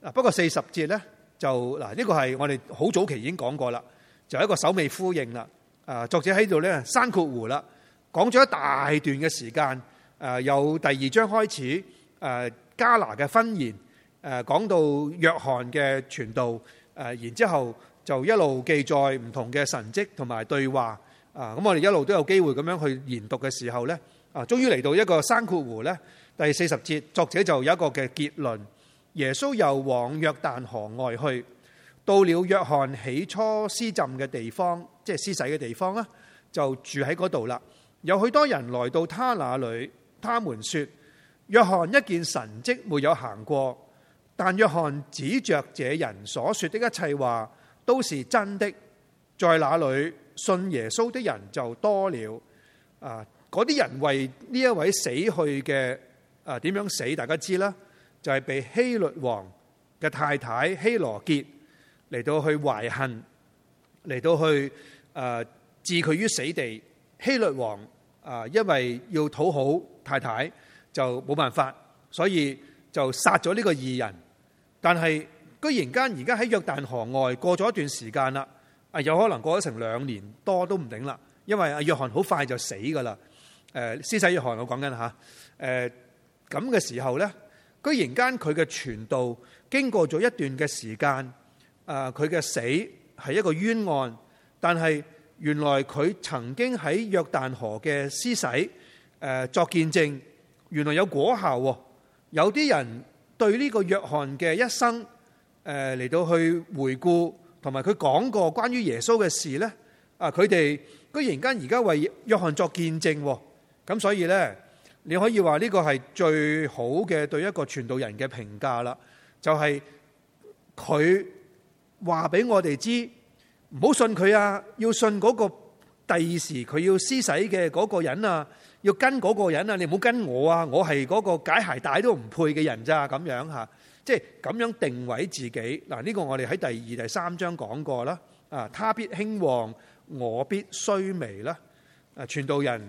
嗱，不過四十節咧就嗱呢、這個係我哋好早期已經講過啦，就一個首尾呼應啦。啊、呃，作者喺度咧山括湖啦。講咗一大段嘅時間，誒由第二章開始，誒加拿嘅婚宴，誒講到約翰嘅傳道，誒然之後就一路記載唔同嘅神蹟同埋對話，啊，咁我哋一路都有機會咁樣去研讀嘅時候呢，啊，終於嚟到一個山括湖呢，第四十節作者就有一個嘅結論：耶穌又往約旦河外去，到了約翰起初施浸嘅地方，即係施洗嘅地方啦，就住喺嗰度啦。有許多人來到他那裡，他們說：約翰一件神跡沒有行過，但約翰指着這人所說的一切話都是真的。在那裡，信耶穌的人就多了。啊，嗰啲人為呢一位死去嘅，啊點樣死？大家知啦，就係被希律王嘅太太希羅杰嚟到去懷恨，嚟到去啊置佢於死地。希律王啊，因為要討好太太，就冇辦法，所以就殺咗呢個義人。但係，居然間而家喺約旦河外過咗一段時間啦，啊，有可能過咗成兩年多都唔定啦。因為阿約翰好快就死噶啦，誒，施洗約翰我講緊吓，誒，咁嘅時候咧，居然間佢嘅傳道經過咗一段嘅時間，啊，佢嘅死係一個冤案，但係。原來佢曾經喺約旦河嘅施洗，作見證，原來有果效。有啲人對呢個約翰嘅一生，嚟到去回顧，同埋佢講過關於耶穌嘅事呢，啊，佢哋居然間而家為約翰作見證，咁所以呢，你可以話呢個係最好嘅對一個傳道人嘅評價啦，就係佢話俾我哋知。唔好信佢啊！要信嗰個第二時佢要施洗嘅嗰個人啊，要跟嗰個人啊！你唔好跟我啊，我係嗰個解鞋帶都唔配嘅人咋，咁樣吓，即係咁樣定位自己。嗱，呢個我哋喺第二、第三章講過啦。啊，他必興旺，我必衰微啦。啊，傳道人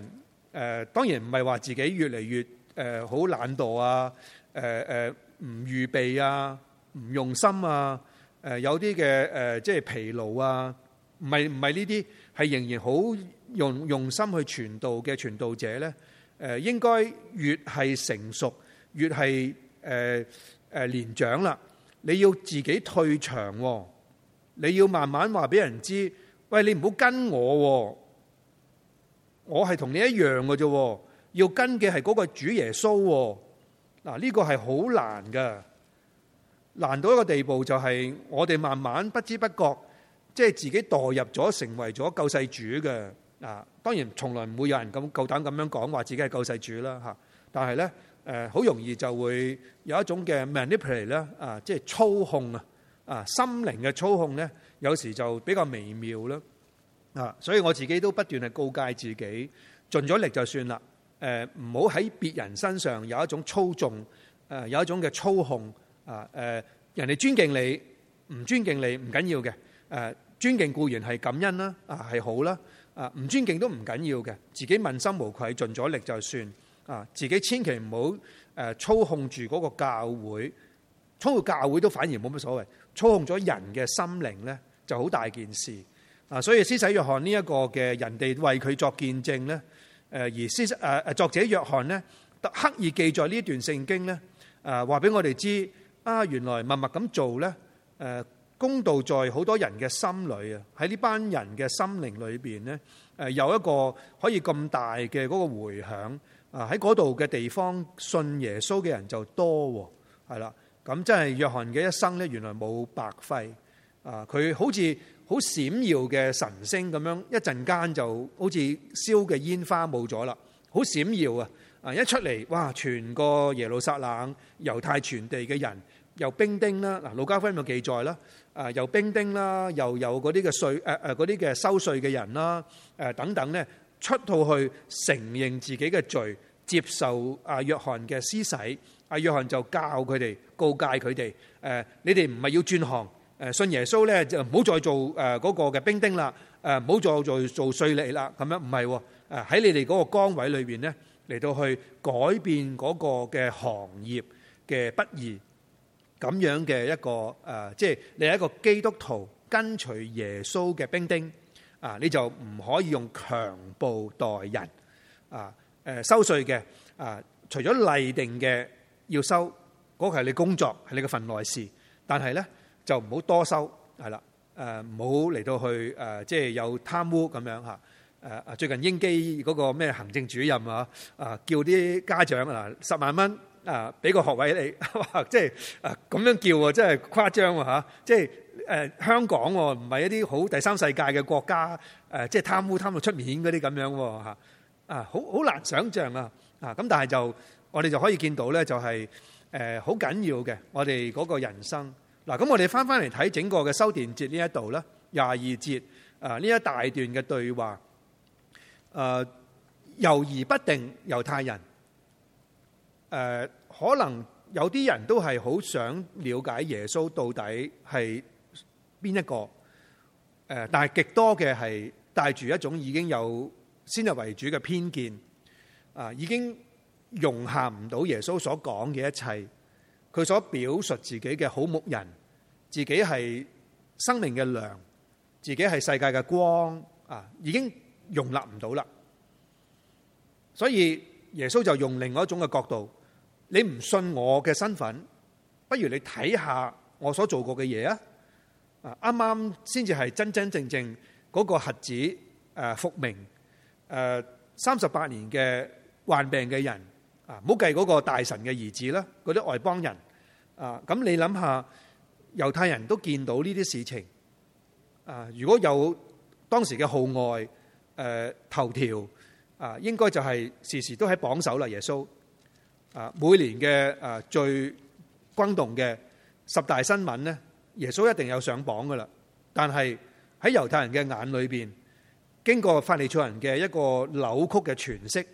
誒，當然唔係話自己越嚟越誒好懶惰啊，誒誒唔預備啊，唔用心啊。誒有啲嘅、呃、即係疲勞啊，唔係唔係呢啲，係仍然好用用心去傳道嘅傳道者咧。誒、呃、應該越係成熟，越係誒誒年長啦。你要自己退場、啊，你要慢慢話俾人知，喂，你唔好跟我、啊，我係同你一樣嘅啫、啊，要跟嘅係嗰個主耶穌、啊。嗱、這、呢個係好難嘅。難到一個地步，就係我哋慢慢不知不覺，即係自己墮入咗，成為咗救世主嘅啊！當然，從來唔會有人咁夠膽咁樣講話自己係救世主啦嚇。但係咧，誒好容易就會有一種嘅 manipulate 咧啊，即係操控啊啊，心靈嘅操控咧，有時就比較微妙啦啊！所以我自己都不斷係告戒自己，盡咗力就算啦。誒唔好喺別人身上有一種操縱，誒有一種嘅操控。啊！誒人哋尊敬你，唔尊敬你，唔緊要嘅誒，尊敬固然係感恩啦，啊係好啦，啊唔尊敬都唔緊要嘅，自己問心無愧，盡咗力就算啊！自己千祈唔好誒操控住嗰個教會，操控教會都反而冇乜所謂，操控咗人嘅心靈咧就好大件事啊！所以施洗約翰呢一個嘅人哋為佢作見證咧，誒而施誒誒作者約翰咧刻意記載呢一段聖經咧，誒話俾我哋知。啊！原來默默咁做呢，誒公道在好多人嘅心裏啊，喺呢班人嘅心靈裏邊呢，誒有一個可以咁大嘅嗰個迴響啊！喺嗰度嘅地方，信耶穌嘅人就多喎，係啦。咁真係約翰嘅一生呢，原來冇白費啊！佢好似好閃耀嘅神星咁樣，一陣間就好似燒嘅煙花冇咗啦，好閃耀啊！啊一出嚟，哇！全個耶路撒冷、猶太全地嘅人。由兵丁啦，嗱《路加福音》就記載啦。誒，由兵丁啦，又有嗰啲嘅稅誒誒，嗰啲嘅收稅嘅人啦，誒等等咧，出到去承認自己嘅罪，接受啊約翰嘅施洗。啊約翰就教佢哋，告誡佢哋誒，你哋唔係要轉行誒，信耶穌咧就唔好再做誒嗰個嘅兵丁啦，誒唔好再做做稅吏啦，咁樣唔係喎，誒喺你哋嗰個崗位裏邊咧嚟到去改變嗰個嘅行業嘅不義。咁樣嘅一個誒，即係你係一個基督徒，跟隨耶穌嘅兵丁啊，你就唔可以用強暴待人啊。誒收稅嘅啊，除咗例定嘅要收，嗰個係你工作，係你嘅份內事。但係咧就唔好多收，係啦。誒唔好嚟到去誒，即係有貪污咁樣嚇。誒啊！最近英基嗰個咩行政主任啊，啊叫啲家長啊十萬蚊。啊！俾個學位你，即係啊咁樣叫喎，真係誇張喎、啊、即係誒、啊、香港喎，唔、啊、係一啲好第三世界嘅國家誒、啊，即係貪污貪到出面嗰啲咁樣喎啊，好好難想象啊！啊咁、啊，但係就我哋就可以見到咧、就係，就係誒好緊要嘅，我哋嗰個人生嗱。咁我哋翻翻嚟睇整個嘅修殿節呢一度咧，廿二節啊呢一大段嘅對話，誒、啊、猶疑不定猶太人。誒，可能有啲人都係好想了解耶穌到底係邊一個，誒，但係極多嘅係帶住一種已經有先入為主嘅偏見，啊，已經容下唔到耶穌所講嘅一切，佢所表述自己嘅好牧人，自己係生命嘅糧，自己係世界嘅光，啊，已經容納唔到啦，所以耶穌就用另外一種嘅角度。你唔信我嘅身份，不如你睇下我所做過嘅嘢啊！啊，啱啱先至係真真正正嗰個瞎子誒、啊、復明誒三十八年嘅患病嘅人啊！唔好計嗰個大臣嘅兒子啦，嗰啲外邦人啊！咁你諗下，猶太人都見到呢啲事情啊！如果有當時嘅號外誒、啊、頭條啊，應該就係時時都喺榜首啦，耶穌。啊！每年嘅啊最轟動嘅十大新聞呢，耶穌一定有上榜噶啦。但係喺猶太人嘅眼裏邊，經過法利賽人嘅一個扭曲嘅詮釋，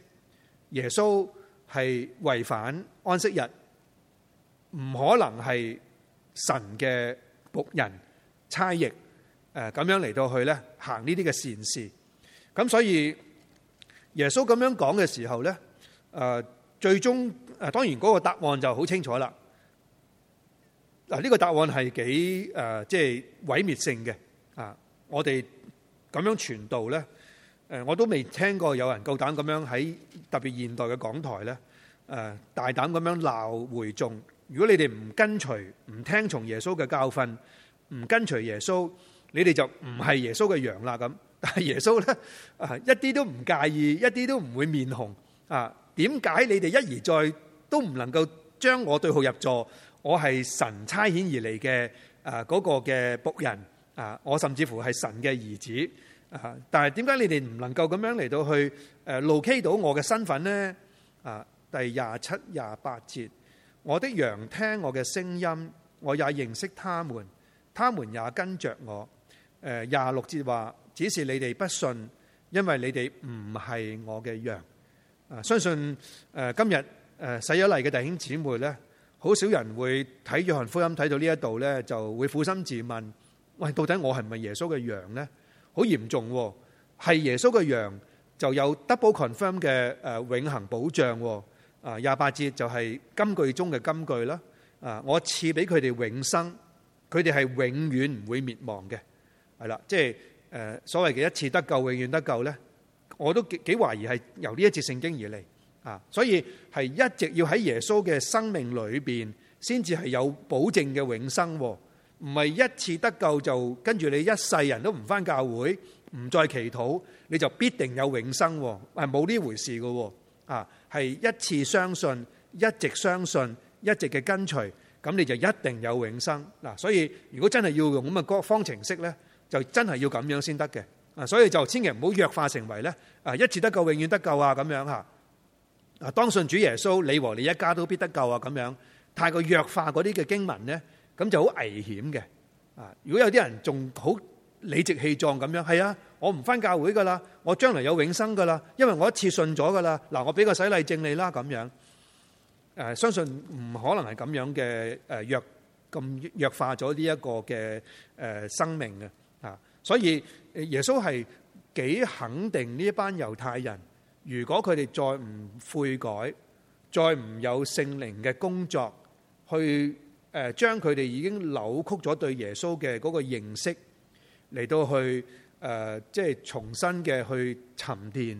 耶穌係違反安息日，唔可能係神嘅僕人差役，誒咁樣嚟到去咧行呢啲嘅善事。咁所以耶穌咁樣講嘅時候咧，誒。最終，誒當然嗰個答案就好清楚啦。嗱，呢個答案係幾誒，即係毀滅性嘅。啊，我哋咁樣傳道咧，誒、呃、我都未聽過有人夠膽咁樣喺特別現代嘅講台咧，誒、呃、大膽咁樣鬧會眾。如果你哋唔跟隨、唔聽從耶穌嘅教訓，唔跟隨耶穌，你哋就唔係耶穌嘅羊啦。咁但係耶穌咧，啊一啲都唔介意，一啲都唔會面紅啊。點解你哋一而再都唔能夠將我對號入座？我係神差遣而嚟嘅，誒，嗰個嘅僕人啊，我甚至乎係神嘅兒子啊。但係點解你哋唔能夠咁樣嚟到去誒露 k 到我嘅身份呢？啊，第廿七廿八節，我的羊聽我嘅聲音，我也認識他們，他們也跟着我。誒，廿六節話，只是你哋不信，因為你哋唔係我嘅羊。啊，相信誒今日誒洗咗禮嘅弟兄姊妹咧，好少人會睇《約翰福音》睇到呢一度咧，就會苦心自問：喂，到底我係唔係耶穌嘅羊咧？好嚴重喎，係耶穌嘅羊就有 double confirm 嘅誒永恆保障喎。啊，廿八節就係金句中嘅金句啦。啊，我賜俾佢哋永生，佢哋係永遠唔會滅亡嘅。係啦，即係誒所謂嘅一次得救，永遠得救咧。我都幾幾懷疑係由呢一節聖經而嚟啊，所以係一直要喺耶穌嘅生命裏邊，先至係有保證嘅永生。唔係一次得救就跟住你一世人都唔返教會，唔再祈禱，你就必定有永生。係冇呢回事噶。啊，係一次相信，一直相信，一直嘅跟隨，咁你就一定有永生嗱。所以如果真係要用咁嘅方程式呢，就真係要咁樣先得嘅。啊！所以就千祈唔好弱化成為咧啊！一次得救，永遠得救啊！咁樣嚇啊！當信主耶穌，你和你一家都必得救啊！咁樣太過弱化嗰啲嘅經文咧，咁就好危險嘅啊！如果有啲人仲好理直氣壯咁樣，係啊！我唔返教會噶啦，我將來有永生噶啦，因為我一次信咗噶啦嗱，我俾個洗禮證你啦，咁樣誒，相信唔可能係咁樣嘅誒弱咁弱化咗呢一個嘅誒生命嘅啊，所以。耶穌係幾肯定呢一班猶太人？如果佢哋再唔悔改，再唔有聖靈嘅工作，去誒將佢哋已經扭曲咗對耶穌嘅嗰個認識，嚟到去誒、呃、即係重新嘅去沉澱，誒、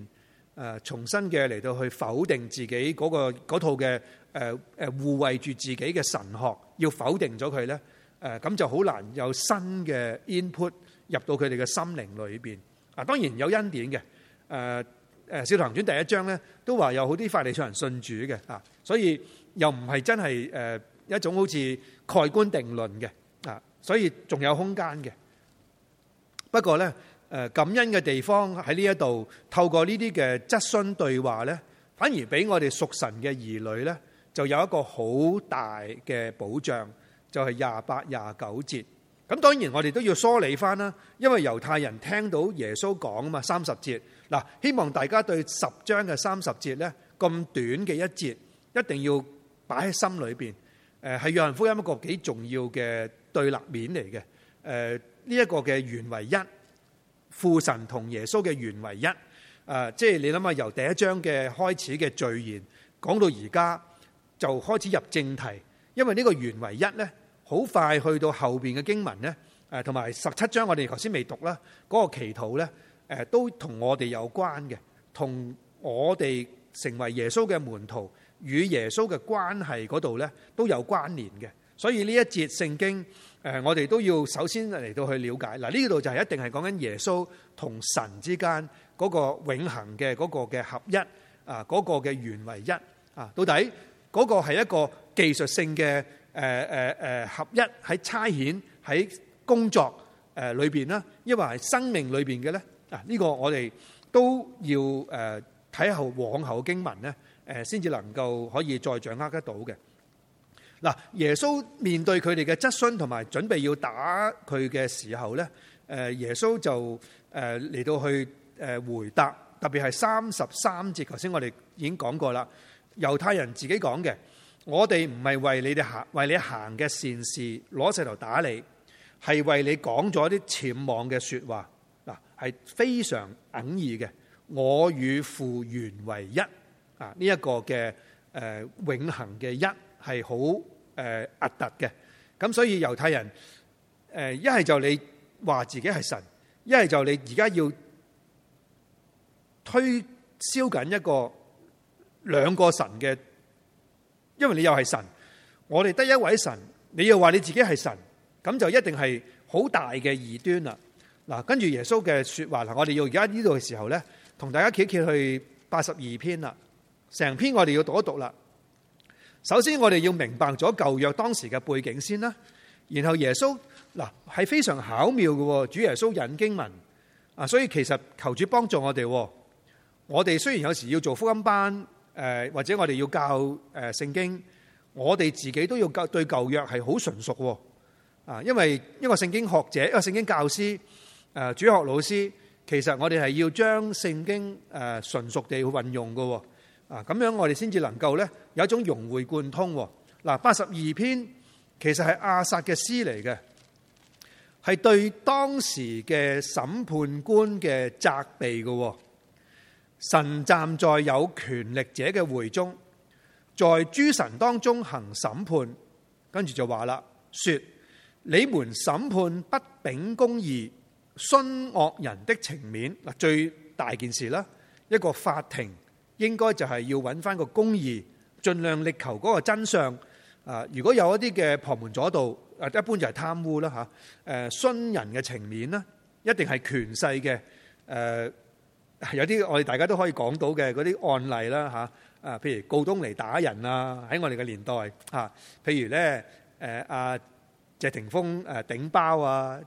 呃、重新嘅嚟到去否定自己嗰、嗰個、套嘅誒誒護衛住自己嘅神學，要否定咗佢咧，誒、呃、咁就好難有新嘅 input。入到佢哋嘅心靈裏邊啊，當然有恩典嘅。誒誒，《使徒行傳》第一章咧，都話有好啲法利賽人信主嘅啊，所以又唔係真係誒一種好似蓋棺定論嘅啊，所以仲有空間嘅。不過咧，誒感恩嘅地方喺呢一度，透過呢啲嘅質詢對話咧，反而俾我哋屬神嘅兒女咧，就有一個好大嘅保障，就係廿八廿九節。咁當然我哋都要梳理翻啦，因為猶太人聽到耶穌講啊嘛，三十節嗱，希望大家對十章嘅三十節呢咁短嘅一節，一定要擺喺心裏邊。誒，係《約翰福音》一個幾重要嘅對立面嚟嘅。誒，呢一個嘅原為一父神同耶穌嘅原為一。誒，即係你諗下由第一章嘅開始嘅序言講到而家，就開始入正題，因為呢個原為一呢。好快去到後邊嘅經文咧，誒同埋十七章我哋頭先未讀啦，嗰個祈禱咧，誒都同我哋有關嘅，同我哋成為耶穌嘅門徒與耶穌嘅關係嗰度咧都有關聯嘅，所以呢一節聖經誒我哋都要首先嚟到去了解。嗱，呢度就係一定係講緊耶穌同神之間嗰個永恆嘅嗰個嘅合一啊，嗰個嘅原為一啊，到底嗰個係一個技術性嘅。誒誒誒，合一喺差遣喺工作誒裏邊啦，抑或係生命裏邊嘅咧。嗱，呢個我哋都要誒睇後往後經文咧，誒先至能夠可以再掌握得到嘅。嗱，耶穌面對佢哋嘅質詢同埋準備要打佢嘅時候咧，誒耶穌就誒嚟到去誒回答，特別係三十三節，頭先我哋已經講過啦，猶太人自己講嘅。我哋唔係為你哋行為你行嘅善事攞石頭打你，係為你講咗啲僭妄嘅說話，嗱係非常隱意嘅。我與父原為一啊，呢、這、一個嘅誒、呃、永恒嘅一係好誒核突嘅。咁所以猶太人誒一係就你話自己係神，一係就你而家要推銷緊一個兩個神嘅。因為你又係神，我哋得一位神，你又話你自己係神，咁就一定係好大嘅異端啦。嗱，跟住耶穌嘅說話，我哋要而家呢度嘅時候呢，同大家揭揭去八十二篇啦，成篇我哋要讀一讀啦。首先我哋要明白咗舊約當時嘅背景先啦，然後耶穌嗱係非常巧妙嘅，主耶穌引經文啊，所以其實求主幫助我哋，我哋雖然有時要做福音班。誒，或者我哋要教，誒聖經，我哋自己都要教對舊約係好純熟喎。啊，因為一個聖經學者，一個聖經教師，誒主學老師，其實我哋係要將聖經誒純熟地去運用噶。啊，咁樣我哋先至能夠咧有一種融會貫通。嗱，八十二篇其實係亞薩嘅詩嚟嘅，係對當時嘅審判官嘅責備噶。神站在有權力者嘅會中，在諸神當中行審判，跟住就話啦，説你們審判不秉公義，徇惡人的情面。嗱，最大件事啦，一個法庭應該就係要揾翻個公義，盡量力求嗰個真相。啊，如果有一啲嘅旁門左道，啊，一般就係貪污啦嚇，誒徇人嘅情面啦，一定係權勢嘅誒。呃有啲我哋大家都可以講到嘅嗰啲案例啦嚇，啊譬如告東尼打人啊，喺我哋嘅年代嚇，譬如咧誒阿謝霆鋒誒頂包啊，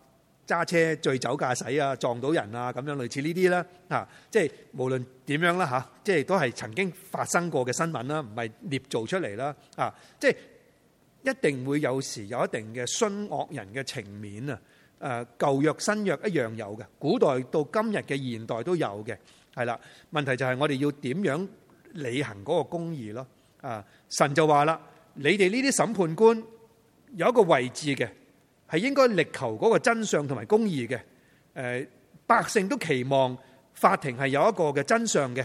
揸車醉酒駕駛啊撞到人啊咁樣類似呢啲啦嚇，即係無論點樣啦嚇、啊，即係都係曾經發生過嘅新聞啦，唔係捏造出嚟啦啊，即係一定會有時有一定嘅徇惡人嘅情面啊。誒舊約新約一樣有嘅，古代到今日嘅現代都有嘅，係啦。問題就係我哋要點樣履行嗰個公義咯？啊，神就話啦：你哋呢啲審判官有一個位置嘅，係應該力求嗰個真相同埋公義嘅。誒、啊，百姓都期望法庭係有一個嘅真相嘅。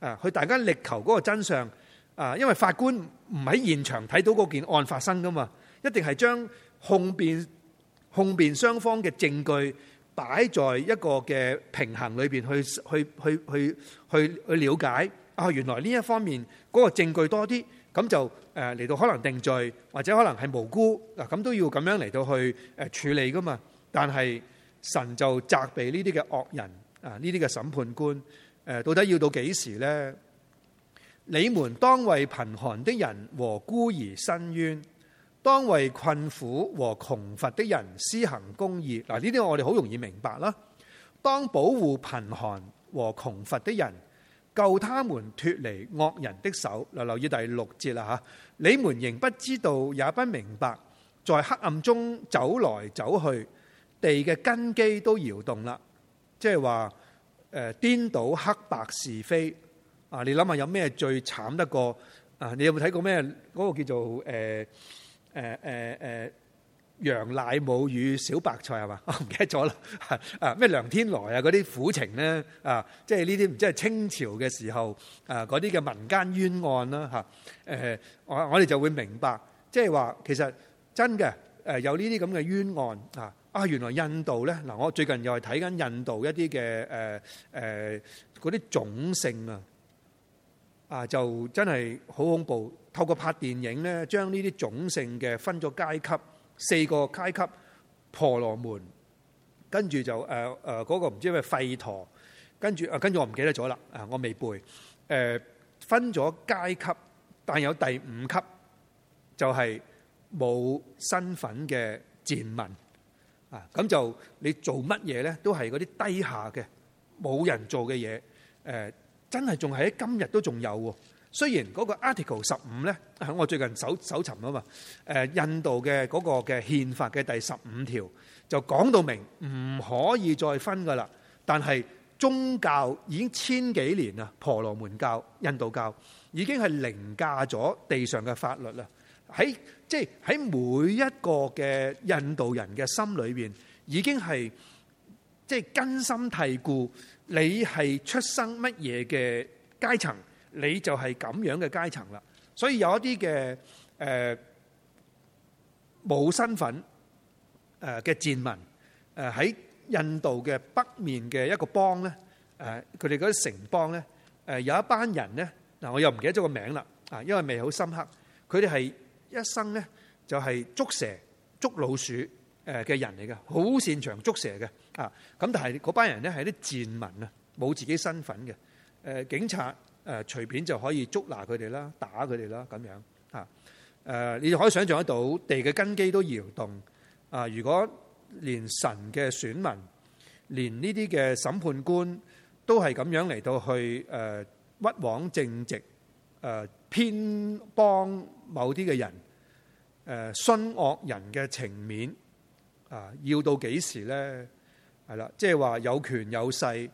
啊，佢大家力求嗰個真相。啊，因為法官唔喺現場睇到嗰件案發生噶嘛、啊，一定係將控辯。控辯雙方嘅證據擺在一個嘅平衡裏邊，去去去去去去了解啊、哦！原來呢一方面嗰，那個證據多啲，咁就誒嚟到可能定罪，或者可能係無辜嗱，咁都要咁樣嚟到去誒處理噶嘛。但係神就責備呢啲嘅惡人啊，呢啲嘅審判官誒，到底要到幾時咧？你們當為貧寒的人和孤兒申冤。當為困苦和窮乏的人施行公義，嗱呢啲我哋好容易明白啦。當保護貧寒和窮乏的人，救他們脫離惡人的手。嗱，留意第六節啦吓，你們仍不知道也不明白，在黑暗中走來走去，地嘅根基都搖動啦，即係話誒顛倒黑白是非啊。你諗下有咩最慘得過啊？你有冇睇過咩嗰個叫做誒？呃誒誒誒，楊乃武與小白菜係嘛？我唔記得咗啦。啊咩梁天來啊，嗰啲苦情咧啊，即係呢啲唔知係清朝嘅時候啊，嗰啲嘅民間冤案啦嚇。誒、啊、我我哋就會明白，即係話其實真嘅誒有呢啲咁嘅冤案啊啊，原來印度咧嗱，我最近又係睇緊印度一啲嘅誒誒嗰啲種姓啊。啊，就真係好恐怖。透過拍電影咧，將呢啲種姓嘅分咗階級，四個階級婆羅門，跟住就誒嗰、呃那個唔知咩吠陀，跟住啊跟住我唔記得咗啦，啊我，我未背，誒、呃、分咗階級，但有第五級就係、是、冇身份嘅賤民，啊咁就你做乜嘢咧都係嗰啲低下嘅冇人做嘅嘢，誒、呃。真係仲係喺今日都仲有喎。雖然嗰個 article 十五咧，喺我最近搜搜尋啊嘛。誒，印度嘅嗰個嘅憲法嘅第十五條就講到明唔可以再分噶啦。但係宗教已經千幾年喇，婆羅門教、印度教已經係凌駕咗地上嘅法律啦。喺即係喺每一個嘅印度人嘅心裏邊，已經係即係根深蒂固。你係出生乜嘢嘅階層，你就係咁樣嘅階層啦。所以有一啲嘅誒冇身份誒嘅賤民誒喺、呃、印度嘅北面嘅一個邦咧誒，佢哋嗰啲城邦咧誒、呃、有一班人咧嗱，我又唔記得咗個名啦啊，因為未好深刻。佢哋係一生咧就係捉蛇、捉老鼠。誒嘅人嚟嘅，好擅長捉蛇嘅啊！咁但係嗰班人呢，係啲賤民啊，冇自己身份嘅。誒警察誒隨便就可以捉拿佢哋啦，打佢哋啦，咁樣嚇誒，你就可以想象得到地嘅根基都搖動啊！如果連神嘅選民，連呢啲嘅審判官都係咁樣嚟到去誒屈枉正直誒偏幫某啲嘅人誒徇惡人嘅情面。啊！要到幾時呢？係啦，即係話有權有勢，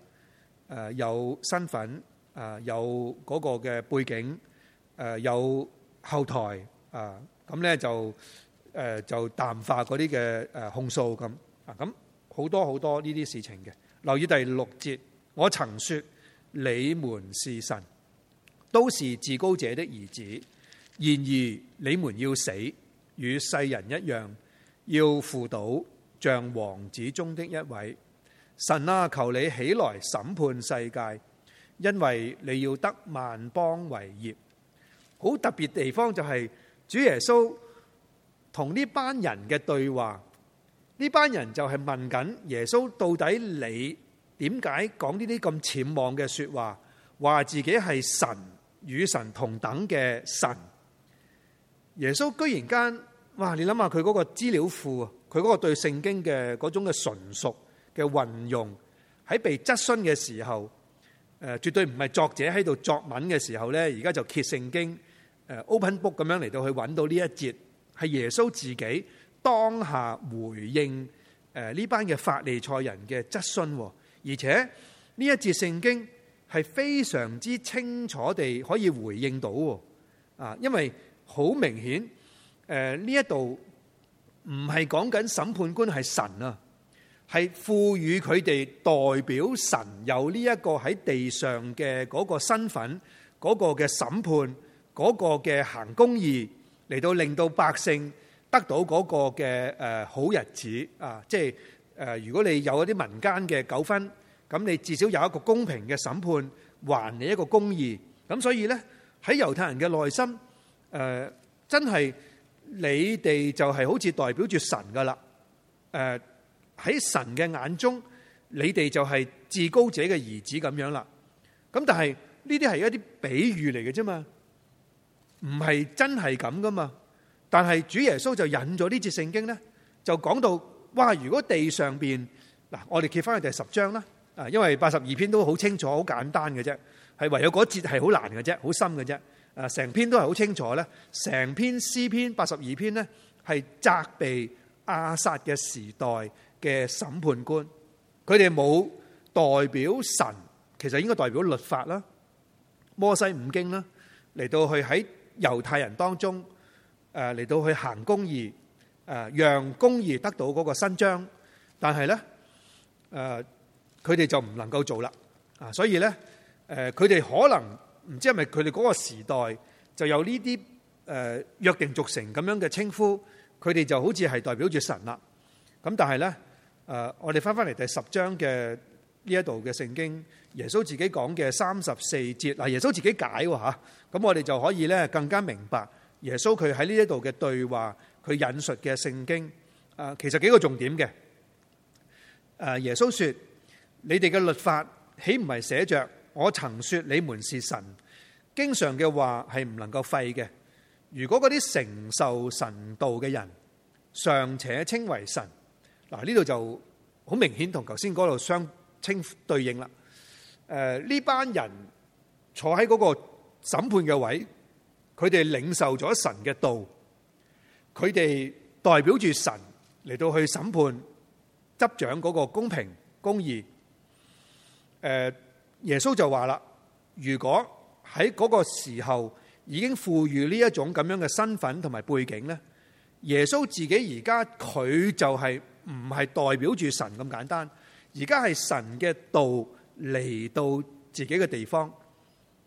誒有身份，誒有嗰個嘅背景，誒有後台，啊咁咧就誒就淡化嗰啲嘅誒控訴咁啊！咁好多好多呢啲事情嘅。留意第六節，我曾説，你們是神，都是至高者的兒子。然而你們要死，與世人一樣。要輔導像王子中的一位，神啊，求你起來審判世界，因為你要得萬邦為業。好特別地方就係主耶穌同呢班人嘅對話，呢班人就係問緊耶穌到底你點解講呢啲咁僭妄嘅說話，話自己係神與神同等嘅神。耶穌居然間。哇！你諗下佢嗰個資料庫，佢嗰個對聖經嘅嗰種嘅純熟嘅運用，喺被質詢嘅時候，誒、呃、絕對唔係作者喺度作文嘅時候咧，而家就揭聖經，誒 open book 咁樣嚟到去揾到呢一節，係耶穌自己當下回應誒呢、呃、班嘅法利賽人嘅質詢，而且呢一節聖經係非常之清楚地可以回應到，啊、呃，因為好明顯。誒，呢一度唔係講緊審判官係神啊，係賦予佢哋代表神有呢一個喺地上嘅嗰個身份，嗰、那個嘅審判，嗰、那個嘅行公義嚟到令到百姓得到嗰個嘅誒好日子啊！即係誒、啊，如果你有啲民間嘅糾紛，咁你至少有一個公平嘅審判，還你一個公義。咁所以呢，喺猶太人嘅內心，誒、啊、真係。你哋就係好似代表住神噶啦，誒、呃、喺神嘅眼中，你哋就係至高者嘅兒子咁樣啦。咁但係呢啲係一啲比喻嚟嘅啫嘛，唔係真係咁噶嘛。但係主耶穌就引咗呢節聖經咧，就講到哇，如果地上邊嗱，我哋揭翻去第十章啦，啊，因為八十二篇都好清楚、好簡單嘅啫，係唯有嗰節係好難嘅啫，好深嘅啫。誒成篇都係好清楚咧，成篇詩篇八十二篇咧係責備亞薩嘅時代嘅審判官，佢哋冇代表神，其實應該代表律法啦、摩西五經啦，嚟到去喺猶太人當中誒嚟到去行公義誒，讓公義得到嗰個伸張，但係咧誒佢哋就唔能夠做啦啊，所以咧誒佢哋可能。唔知係咪佢哋嗰個時代就有呢啲誒約定俗成咁樣嘅稱呼，佢哋就好似係代表住神啦。咁但係咧誒，我哋翻翻嚟第十章嘅呢一度嘅聖經，耶穌自己講嘅三十四節，嗱、啊、耶穌自己解吓，咁、啊、我哋就可以咧更加明白耶穌佢喺呢一度嘅對話，佢引述嘅聖經誒、呃，其實幾個重點嘅誒、呃，耶穌說「你哋嘅律法豈唔係寫着。」我曾說你們是神，經常嘅話係唔能夠廢嘅。如果嗰啲承受神道嘅人，尚且稱為神，嗱，呢度就好明顯同頭先嗰度相稱對應啦。誒、呃，呢班人坐喺嗰個審判嘅位，佢哋領受咗神嘅道，佢哋代表住神嚟到去審判、執掌嗰個公平公義。誒、呃。耶穌就話啦：如果喺嗰個時候已經賦予呢一種咁樣嘅身份同埋背景呢，耶穌自己而家佢就係唔係代表住神咁簡單，而家係神嘅道嚟到自己嘅地方，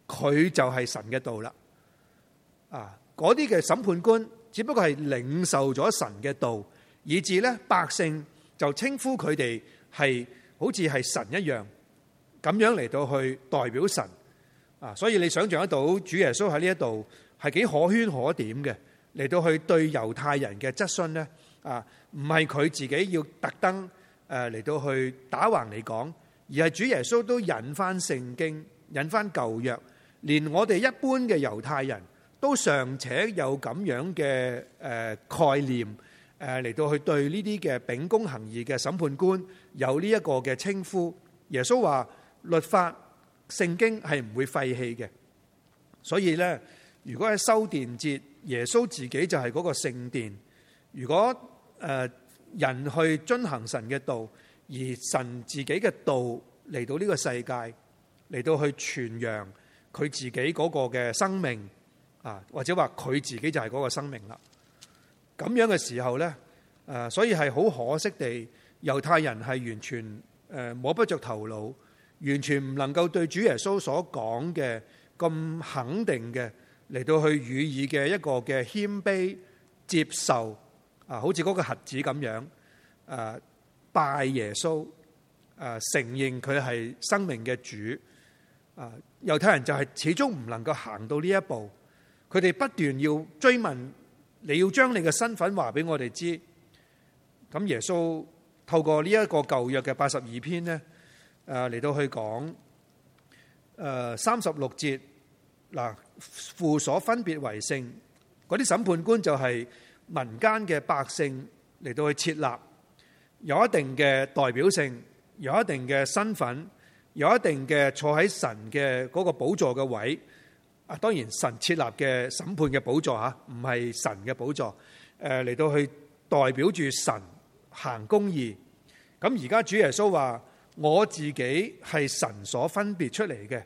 佢就係神嘅道啦。啊，嗰啲嘅審判官只不過係領受咗神嘅道，以至呢百姓就稱呼佢哋係好似係神一樣。咁樣嚟到去代表神啊，所以你想象得到主耶穌喺呢一度係幾可圈可點嘅，嚟到去對猶太人嘅質詢呢啊，唔係佢自己要特登誒嚟到去打橫嚟講，而係主耶穌都引返聖經，引返舊約，連我哋一般嘅猶太人都尚且有咁樣嘅誒概念誒嚟到去對呢啲嘅秉公行義嘅審判官有呢一個嘅稱呼。耶穌話。律法、聖經係唔會廢棄嘅，所以呢，如果喺修殿節，耶穌自己就係嗰個聖殿。如果誒人去遵行神嘅道，而神自己嘅道嚟到呢個世界，嚟到去傳揚佢自己嗰個嘅生命啊，或者話佢自己就係嗰個生命啦。咁樣嘅時候呢，誒，所以係好可惜地，猶太人係完全摸不着頭腦。完全唔能夠對主耶穌所講嘅咁肯定嘅嚟到去語意嘅一個嘅謙卑接受啊，好似嗰個盒子咁樣啊，拜耶穌啊，承認佢係生命嘅主啊，猶太人就係始終唔能夠行到呢一步，佢哋不斷要追問，你要將你嘅身份話俾我哋知，咁耶穌透過呢一個舊約嘅八十二篇咧。啊，嚟到去講，誒，三十六節，嗱，父所分別為聖，嗰啲審判官就係民間嘅百姓嚟到去設立，有一定嘅代表性，有一定嘅身份，有一定嘅坐喺神嘅嗰個寶座嘅位。啊，當然神設立嘅審判嘅寶座吓，唔係神嘅寶座。誒，嚟到去代表住神行公義。咁而家主耶穌話。我自己係神所分別出嚟嘅，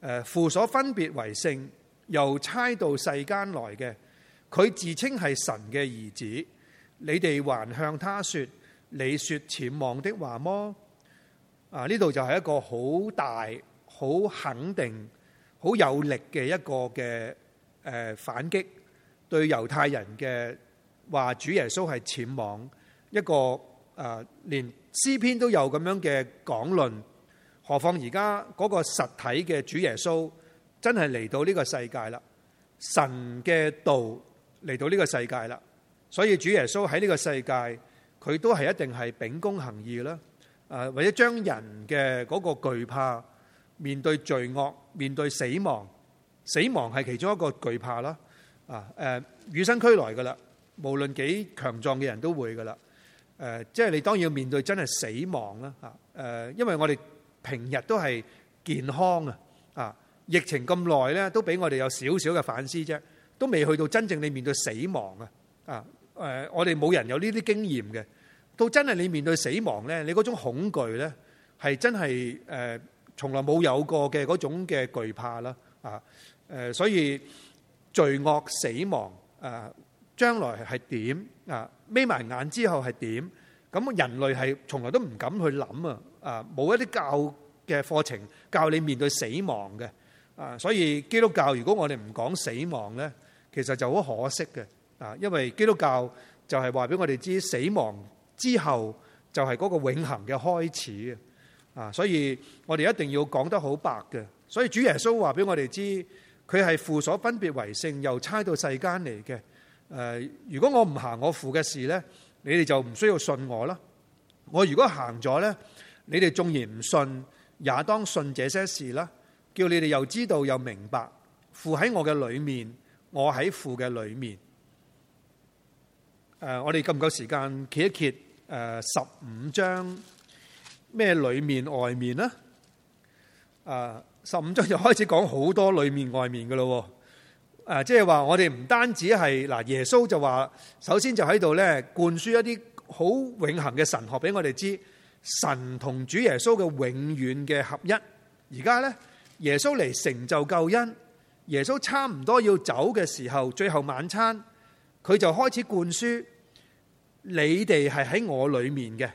誒，父所分別為聖，由差到世間來嘅，佢自稱係神嘅兒子，你哋還向他説你説僭妄的話麼？啊！呢度就係一個好大、好肯定、好有力嘅一個嘅誒反擊，對猶太人嘅話，主耶穌係僭妄一個誒、啊、連。詩篇都有咁樣嘅講論，何況而家嗰個實體嘅主耶穌真係嚟到呢個世界啦，神嘅道嚟到呢個世界啦，所以主耶穌喺呢個世界，佢都係一定係秉公行義啦，誒，或者將人嘅嗰個懼怕，面對罪惡、面對死亡，死亡係其中一個懼怕啦，啊，誒，與生俱來噶啦，無論幾強壯嘅人都會噶啦。誒，即係你當然要面對真係死亡啦嚇！誒，因為我哋平日都係健康啊，啊，疫情咁耐咧，都俾我哋有少少嘅反思啫，都未去到真正你面對死亡啊！啊，誒，我哋冇人有呢啲經驗嘅，到真係你面對死亡咧，你嗰種恐懼咧，係真係誒，從來冇有過嘅嗰種嘅懼怕啦！啊，誒，所以罪惡死亡誒。將來係點啊？眯埋眼之後係點？咁人類係從來都唔敢去諗啊！啊，冇一啲教嘅課程教你面對死亡嘅啊！所以基督教如果我哋唔講死亡呢，其實就好可惜嘅啊！因為基督教就係話俾我哋知死亡之後就係嗰個永恆嘅開始啊！所以我哋一定要講得好白嘅。所以主耶穌話俾我哋知，佢係父所分別為聖，又差到世間嚟嘅。誒，如果我唔行我父嘅事呢，你哋就唔需要信我啦。我如果行咗呢，你哋縱然唔信，也當信這些事啦。叫你哋又知道又明白，父喺我嘅裏面，我喺父嘅裏面。誒、呃，我哋夠唔夠時間？揭一揭，誒，十、呃、五章咩裏面外面呢？誒、呃，十五章就開始講好多裏面外面噶咯。誒，即係話我哋唔單止係嗱，耶穌就話，首先就喺度咧灌輸一啲好永恆嘅神學俾我哋知，神同主耶穌嘅永遠嘅合一。而家咧，耶穌嚟成就救恩，耶穌差唔多要走嘅時候，最後晚餐，佢就開始灌輸，你哋係喺我裏面嘅，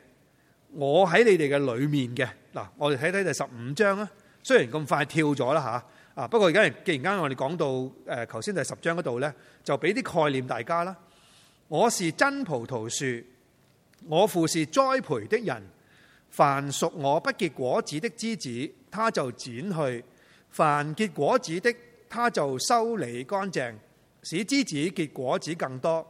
我喺你哋嘅裏面嘅。嗱，我哋睇睇第十五章啊，雖然咁快跳咗啦吓。啊！不過而家，既然啱我哋講到誒，頭先第十章嗰度呢，就俾啲概念大家啦。我是真葡萄樹，我父是栽培的人。凡屬我不結果子的枝子，他就剪去；凡結果子的，他就修理乾淨，使枝子結果子更多。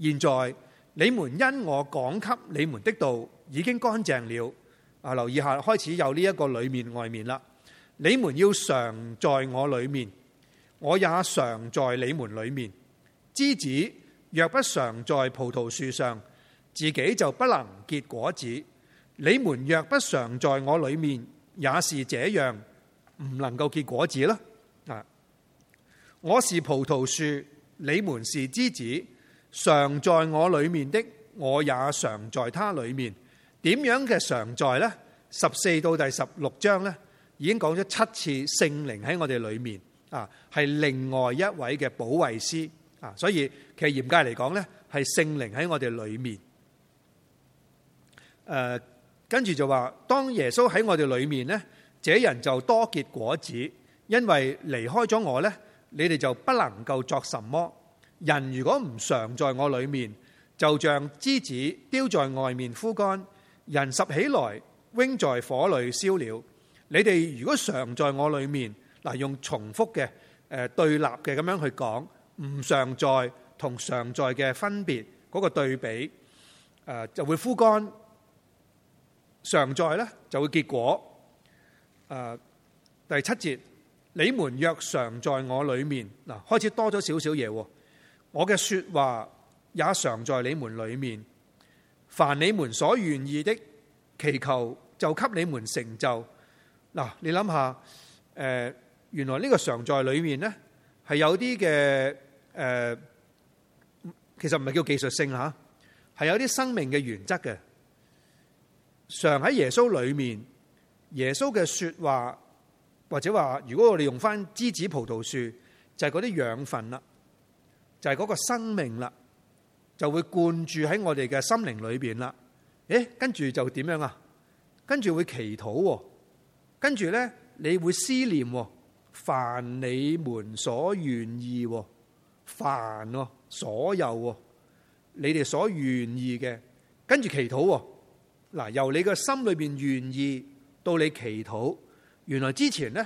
現在你們因我講給你們的道，已經乾淨了。啊！留意下，開始有呢一個裏面外面啦。你們要常在我裏面，我也常在你們裏面。枝子若不常在葡萄樹上，自己就不能結果子。你們若不常在我裏面，也是這樣，唔能夠結果子啦。啊！我是葡萄樹，你們是枝子。常在我裏面的，我也常在他裏面。點樣嘅常在呢？十四到第十六章呢，已經講咗七次聖靈喺我哋裏面啊，係另外一位嘅保惠師啊，所以其實嚴格嚟講呢，係聖靈喺我哋裏面誒、呃。跟住就話，當耶穌喺我哋裏面呢，這人就多結果子，因為離開咗我呢，你哋就不能夠作什麼人如果唔常在我裏面，就像枝子丟在外面枯乾，人拾起來扔在火裏燒了。你哋如果常在我裏面，嗱，用重複嘅，誒，對立嘅咁樣去講，唔常在同常在嘅分別嗰，那個對比誒就會枯乾，常在咧就會結果。誒、啊、第七節，你們若常在我裏面，嗱，開始多咗少少嘢，我嘅說話也常在你們裏面，凡你們所願意的祈求，就給你們成就。嗱，你諗下，誒，原來呢個常在裏面咧，係有啲嘅，誒，其實唔係叫技術性吓，係有啲生命嘅原則嘅。常喺耶穌裏面，耶穌嘅說話，或者話，如果我哋用翻枝子葡萄樹，就係嗰啲養分啦，就係嗰個生命啦，就會灌注喺我哋嘅心靈裏邊啦。誒，跟住就點樣啊？跟住會祈禱。跟住呢，你會思念，凡你們所願意，凡哦、啊，所有哦、啊，你哋所願意嘅，跟住祈禱。嗱，由你嘅心裏邊願意到你祈禱，原來之前呢，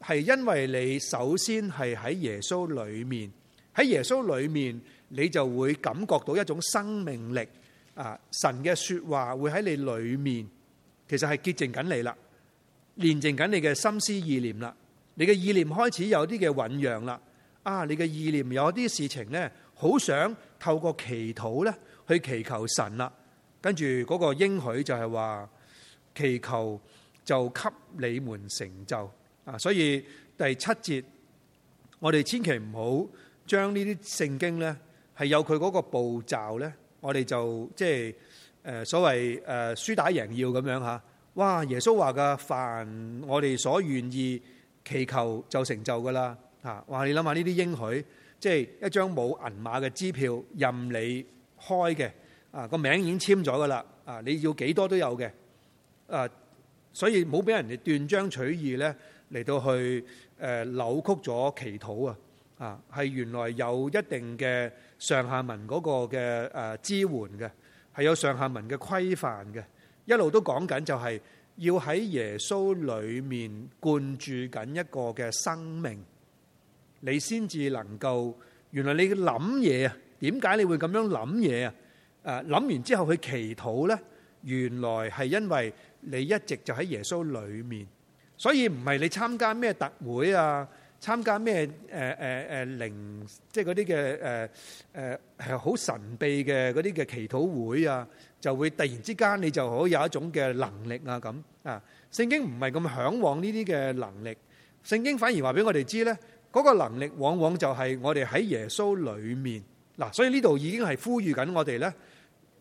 係因為你首先係喺耶穌裏面，喺耶穌裏面，你就會感覺到一種生命力啊！神嘅說話會喺你裏面，其實係潔淨緊你啦。連靜緊你嘅心思意念啦，你嘅意念開始有啲嘅醞釀啦，啊，你嘅意念有啲事情呢，好想透過祈禱呢去祈求神啦，跟住嗰個應許就係話，祈求就給你們成就啊，所以第七節，我哋千祈唔好將呢啲聖經呢係有佢嗰個步驟呢，我哋就即係、就是、所謂誒輸打贏要咁樣吓。哇！耶穌話嘅凡我哋所願意祈求就成就嘅啦，嚇！哇！你諗下呢啲應許，即係一張冇銀碼嘅支票，任你開嘅，啊個名已經簽咗㗎啦，啊你要幾多都有嘅，啊！所以冇俾人哋斷章取義咧，嚟到去誒扭曲咗祈禱啊！啊係原來有一定嘅上下文嗰個嘅誒支援嘅，係有上下文嘅規範嘅。一路都講緊就係要喺耶穌裡面灌注緊一個嘅生命，你先至能夠原來你諗嘢啊？點解你會咁樣諗嘢啊？誒諗完之後去祈禱咧，原來係因為你一直就喺耶穌裡面，所以唔係你參加咩特會啊，參加咩誒誒誒靈即係嗰啲嘅誒誒係好神秘嘅嗰啲嘅祈禱會啊。就會突然之間，你就可以有一種嘅能力啊！咁啊，聖經唔係咁向往呢啲嘅能力，聖經反而話俾我哋知咧，嗰、那個能力往往就係我哋喺耶穌裏面嗱、啊，所以呢度已經係呼籲緊我哋咧、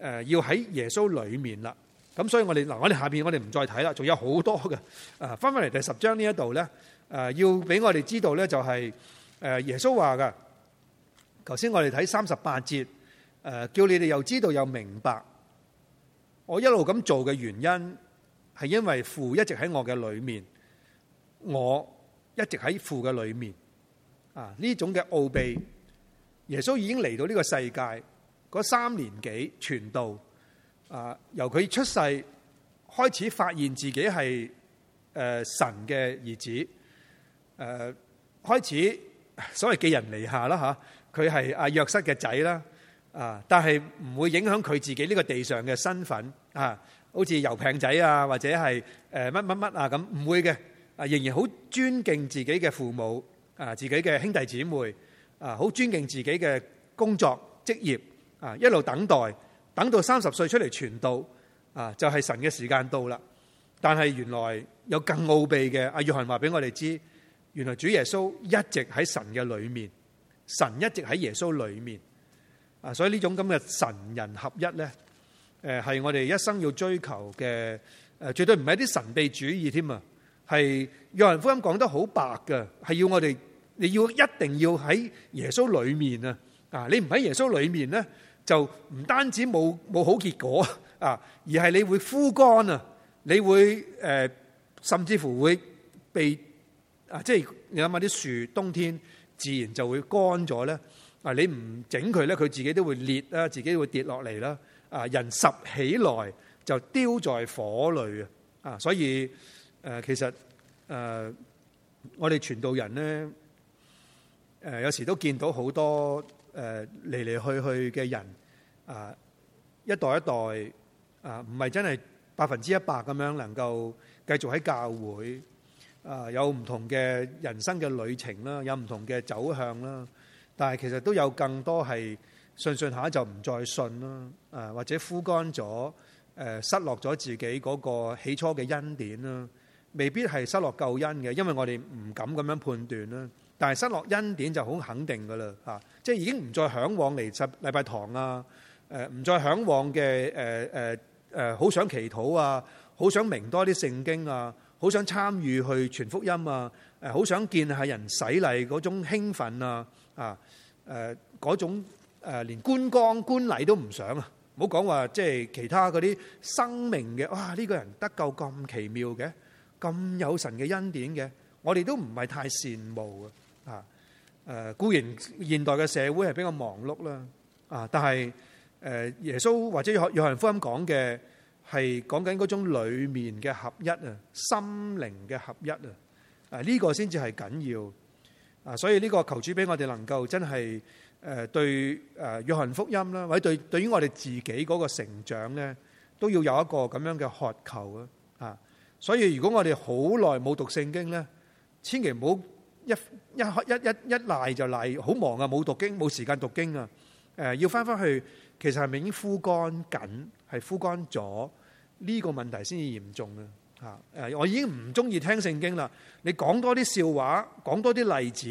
啊，要喺耶穌裏面啦。咁、啊、所以我哋嗱、啊，我哋下面我，我哋唔再睇啦，仲有好多嘅返翻返嚟第十章呢一度咧，要俾我哋知道咧、就是，就、啊、係耶穌話㗎。頭先我哋睇三十八節，叫你哋又知道又明白。我一路咁做嘅原因，係因為父一直喺我嘅裏面，我一直喺父嘅裏面。啊，呢種嘅奧秘，耶穌已經嚟到呢個世界嗰三年幾傳道。啊，由佢出世開始發現自己係誒、呃、神嘅兒子，誒、啊、開始所謂寄人籬下啦吓，佢係阿約瑟嘅仔啦。啊！但係唔會影響佢自己呢個地上嘅身份啊，好似油餅仔啊，或者係誒乜乜乜啊咁，唔會嘅啊，仍然好尊敬自己嘅父母啊，自己嘅兄弟姊妹啊，好尊敬自己嘅工作職業啊，一路等待，等到三十歲出嚟傳道啊，就係神嘅時間到啦。但係原來有更奧秘嘅，阿約翰話俾我哋知，原來主耶穌一直喺神嘅裏面，神一直喺耶穌裏面。啊！所以呢種咁嘅神人合一咧，誒係我哋一生要追求嘅誒，絕對唔係一啲神秘主義添啊！係《約翰福音》講得好白嘅，係要我哋你要一定要喺耶穌裡面啊！啊，你唔喺耶穌裡面咧，就唔單止冇冇好結果啊，而係你會枯乾啊！你會誒，甚至乎會被啊！即係你諗下啲樹冬天自然就會乾咗咧。啊！你唔整佢咧，佢自己都會裂啦，自己會跌落嚟啦。啊！人拾起來就丟在火裏啊！啊！所以誒，其實誒，我哋傳道人咧，誒有時都見到好多誒嚟嚟去去嘅人啊，一代一代啊，唔係真係百分之一百咁樣能夠繼續喺教會啊，有唔同嘅人生嘅旅程啦，有唔同嘅走向啦。但係其實都有更多係信信下就唔再信啦，啊，或者枯乾咗，誒、呃、失落咗自己嗰個起初嘅恩典啦，未必係失落救恩嘅，因為我哋唔敢咁樣判斷啦。但係失落恩典就好肯定噶啦，嚇、啊，即係已經唔再嚮往嚟十禮拜堂啊，誒唔再嚮往嘅誒誒誒好想祈禱啊，好想明多啲聖經啊，好想參與去傳福音啊，誒好想見下人洗禮嗰種興奮啊！啊！誒嗰種誒連觀光觀禮都唔想啊！唔好講話即係其他嗰啲生命嘅哇！呢個人得救咁奇妙嘅，咁有神嘅恩典嘅，我哋都唔係太羨慕嘅。啊！誒固然現代嘅社會係比較忙碌啦。啊！但係誒耶穌或者約翰福音講嘅係講緊嗰種裡面嘅合一啊，心靈嘅合一啊。啊！呢個先至係緊要。啊！所以呢個求主俾我哋能夠真係誒對誒約翰福音啦，或者對對於我哋自己嗰個成長咧，都要有一個咁樣嘅渴求啊！啊！所以如果我哋好耐冇讀聖經咧，千祈唔好一一一一一賴就賴，好忙啊！冇讀經，冇時間讀經啊！誒、呃，要翻翻去，其實係咪已經枯乾緊，係枯乾咗，呢、這個問題先至嚴重啊！啊！誒，我已經唔中意聽聖經啦。你講多啲笑話，講多啲例子，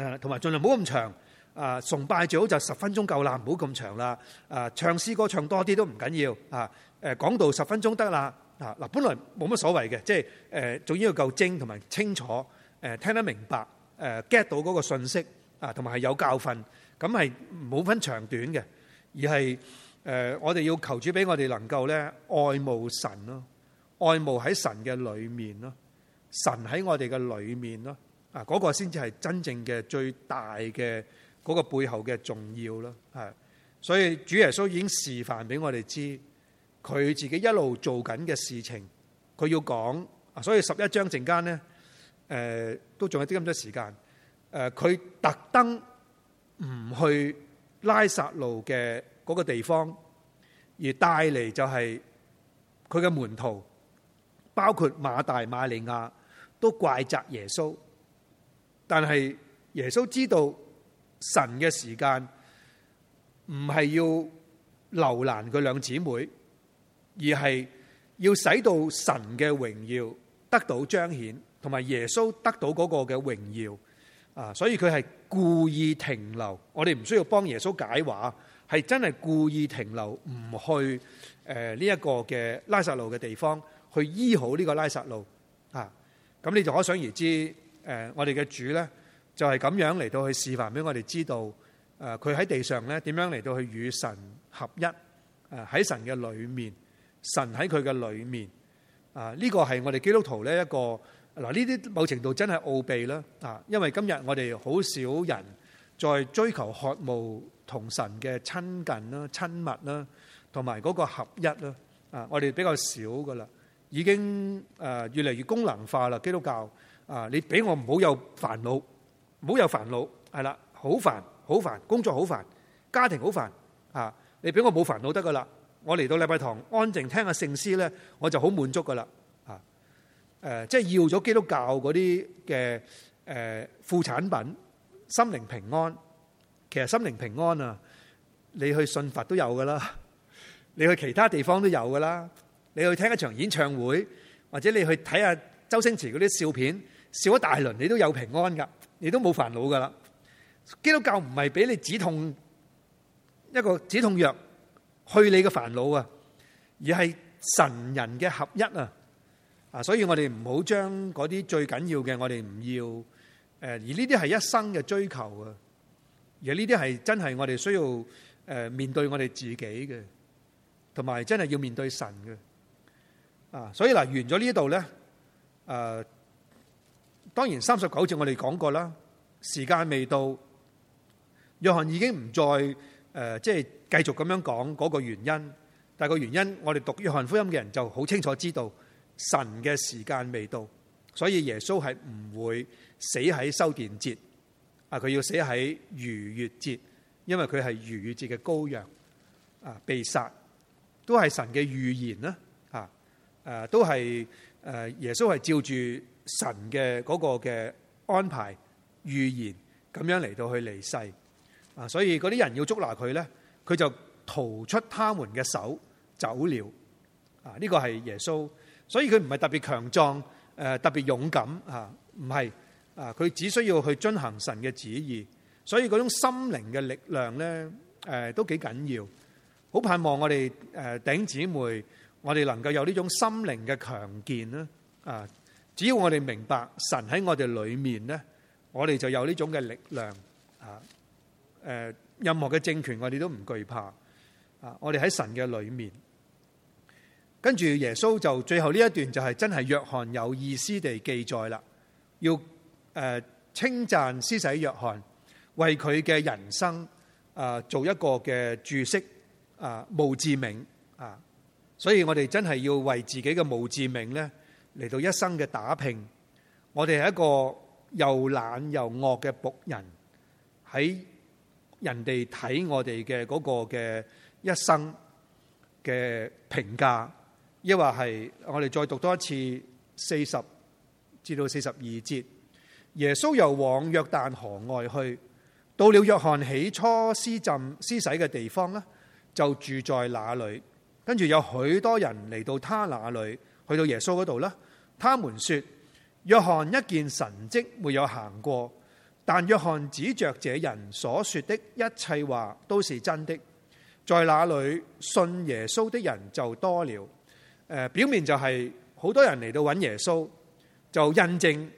誒，同埋盡量唔好咁長。啊，崇拜最好就十分鐘夠啦，唔好咁長啦。啊，唱詩歌唱多啲都唔緊要。啊，誒，講道十分鐘得啦。啊，嗱，本來冇乜所謂嘅，即係誒，重要夠精同埋清楚，誒，聽得明白，誒，get 到嗰個信息啊，同埋係有教訓。咁係冇分長短嘅，而係誒，我哋要求主俾我哋能夠咧，愛慕神咯。愛慕喺神嘅裏面咯，神喺我哋嘅裏面咯，啊、那、嗰個先至係真正嘅最大嘅嗰、那個背後嘅重要咯，係，所以主耶穌已經示範俾我哋知，佢自己一路做緊嘅事情，佢要講，所以十一章陣間咧，誒、呃、都仲有啲咁多時間，誒佢特登唔去拉撒路嘅嗰個地方，而帶嚟就係佢嘅門徒。包括馬大馬利亞都怪責耶穌，但係耶穌知道神嘅時間唔係要留難佢兩姊妹，而係要使到神嘅榮耀得到彰顯，同埋耶穌得到嗰個嘅榮耀啊。所以佢係故意停留。我哋唔需要幫耶穌解話，係真係故意停留，唔去誒呢一個嘅拉撒路嘅地方。去醫好呢個拉薩路啊！咁你就可想而知，誒、呃、我哋嘅主咧就係、是、咁樣嚟到去示範俾我哋知道，誒佢喺地上咧點樣嚟到去與神合一，誒、啊、喺神嘅裏面，神喺佢嘅裏面，啊呢、這個係我哋基督徒呢一個嗱呢啲某程度真係奧秘啦啊！因為今日我哋好少人在追求渴慕同神嘅親近啦、親密啦，同埋嗰個合一啦，啊我哋比較少噶啦。已經誒越嚟越功能化啦！基督教啊，你俾我唔好有煩惱，唔好有煩惱係啦，好煩好煩，工作好煩，家庭好煩啊！你俾我冇煩惱得噶啦，我嚟到禮拜堂安靜聽下聖詩咧，我就好滿足噶啦啊！誒，即係要咗基督教嗰啲嘅誒副產品，心靈平安。其實心靈平安啊，你去信佛都有噶啦，你去其他地方都有噶啦。你去聽一場演唱會，或者你去睇下周星馳嗰啲笑片，笑一大輪，你都有平安噶，你都冇煩惱噶啦。基督教唔係俾你止痛一個止痛藥去你嘅煩惱啊，而係神人嘅合一啊。啊，所以我哋唔好將嗰啲最緊要嘅，我哋唔要誒，而呢啲係一生嘅追求啊，而呢啲係真係我哋需要誒面對我哋自己嘅，同埋真係要面對神嘅。啊，所以嗱完咗呢度咧，誒當然三十九節我哋講過啦，時間未到，約翰已經唔再誒即係繼續咁樣講嗰個原因。但係個原因，我哋讀約翰福音嘅人就好清楚知道，神嘅時間未到，所以耶穌係唔會死喺修殿節啊，佢要死喺逾越節，因為佢係逾越節嘅羔羊啊，被殺都係神嘅預言啦。誒，都係誒，耶穌係照住神嘅嗰個嘅安排預言，咁樣嚟到去離世啊，所以嗰啲人要捉拿佢咧，佢就逃出佢哋嘅手走了啊！呢個係耶穌，所以佢唔係特別強壯，誒，特別勇敢吓，唔係啊，佢只需要去遵行神嘅旨意，所以嗰種心靈嘅力量咧，誒，都幾緊要，好盼望我哋誒，頂姊妹。我哋能夠有呢種心靈嘅強健咧，啊！只要我哋明白神喺我哋裏面咧，我哋就有呢種嘅力量啊！誒，任何嘅政權我哋都唔懼怕啊！我哋喺神嘅裏面，跟住耶穌就最後呢一段就係真係約翰有意思地記載啦，要誒稱讚施洗約翰為佢嘅人生啊做一個嘅注釋啊，墓誌銘啊！所以我哋真係要為自己嘅墓誌銘咧，嚟到一生嘅打拼。我哋係一個又懶又惡嘅僕人，喺人哋睇我哋嘅嗰個嘅一生嘅評價。抑或係我哋再讀多一次四十至到四十二節。耶穌又往約旦河外去，到了約翰起初施浸施洗嘅地方啦，就住在那裏。跟住有許多人嚟到他那裏，去到耶穌嗰度呢，他們說：約翰一件神蹟沒有行過，但約翰指着這人所說的一切話都是真的。在那裏信耶穌的人就多了。誒、呃，表面就係、是、好多人嚟到揾耶穌，就印證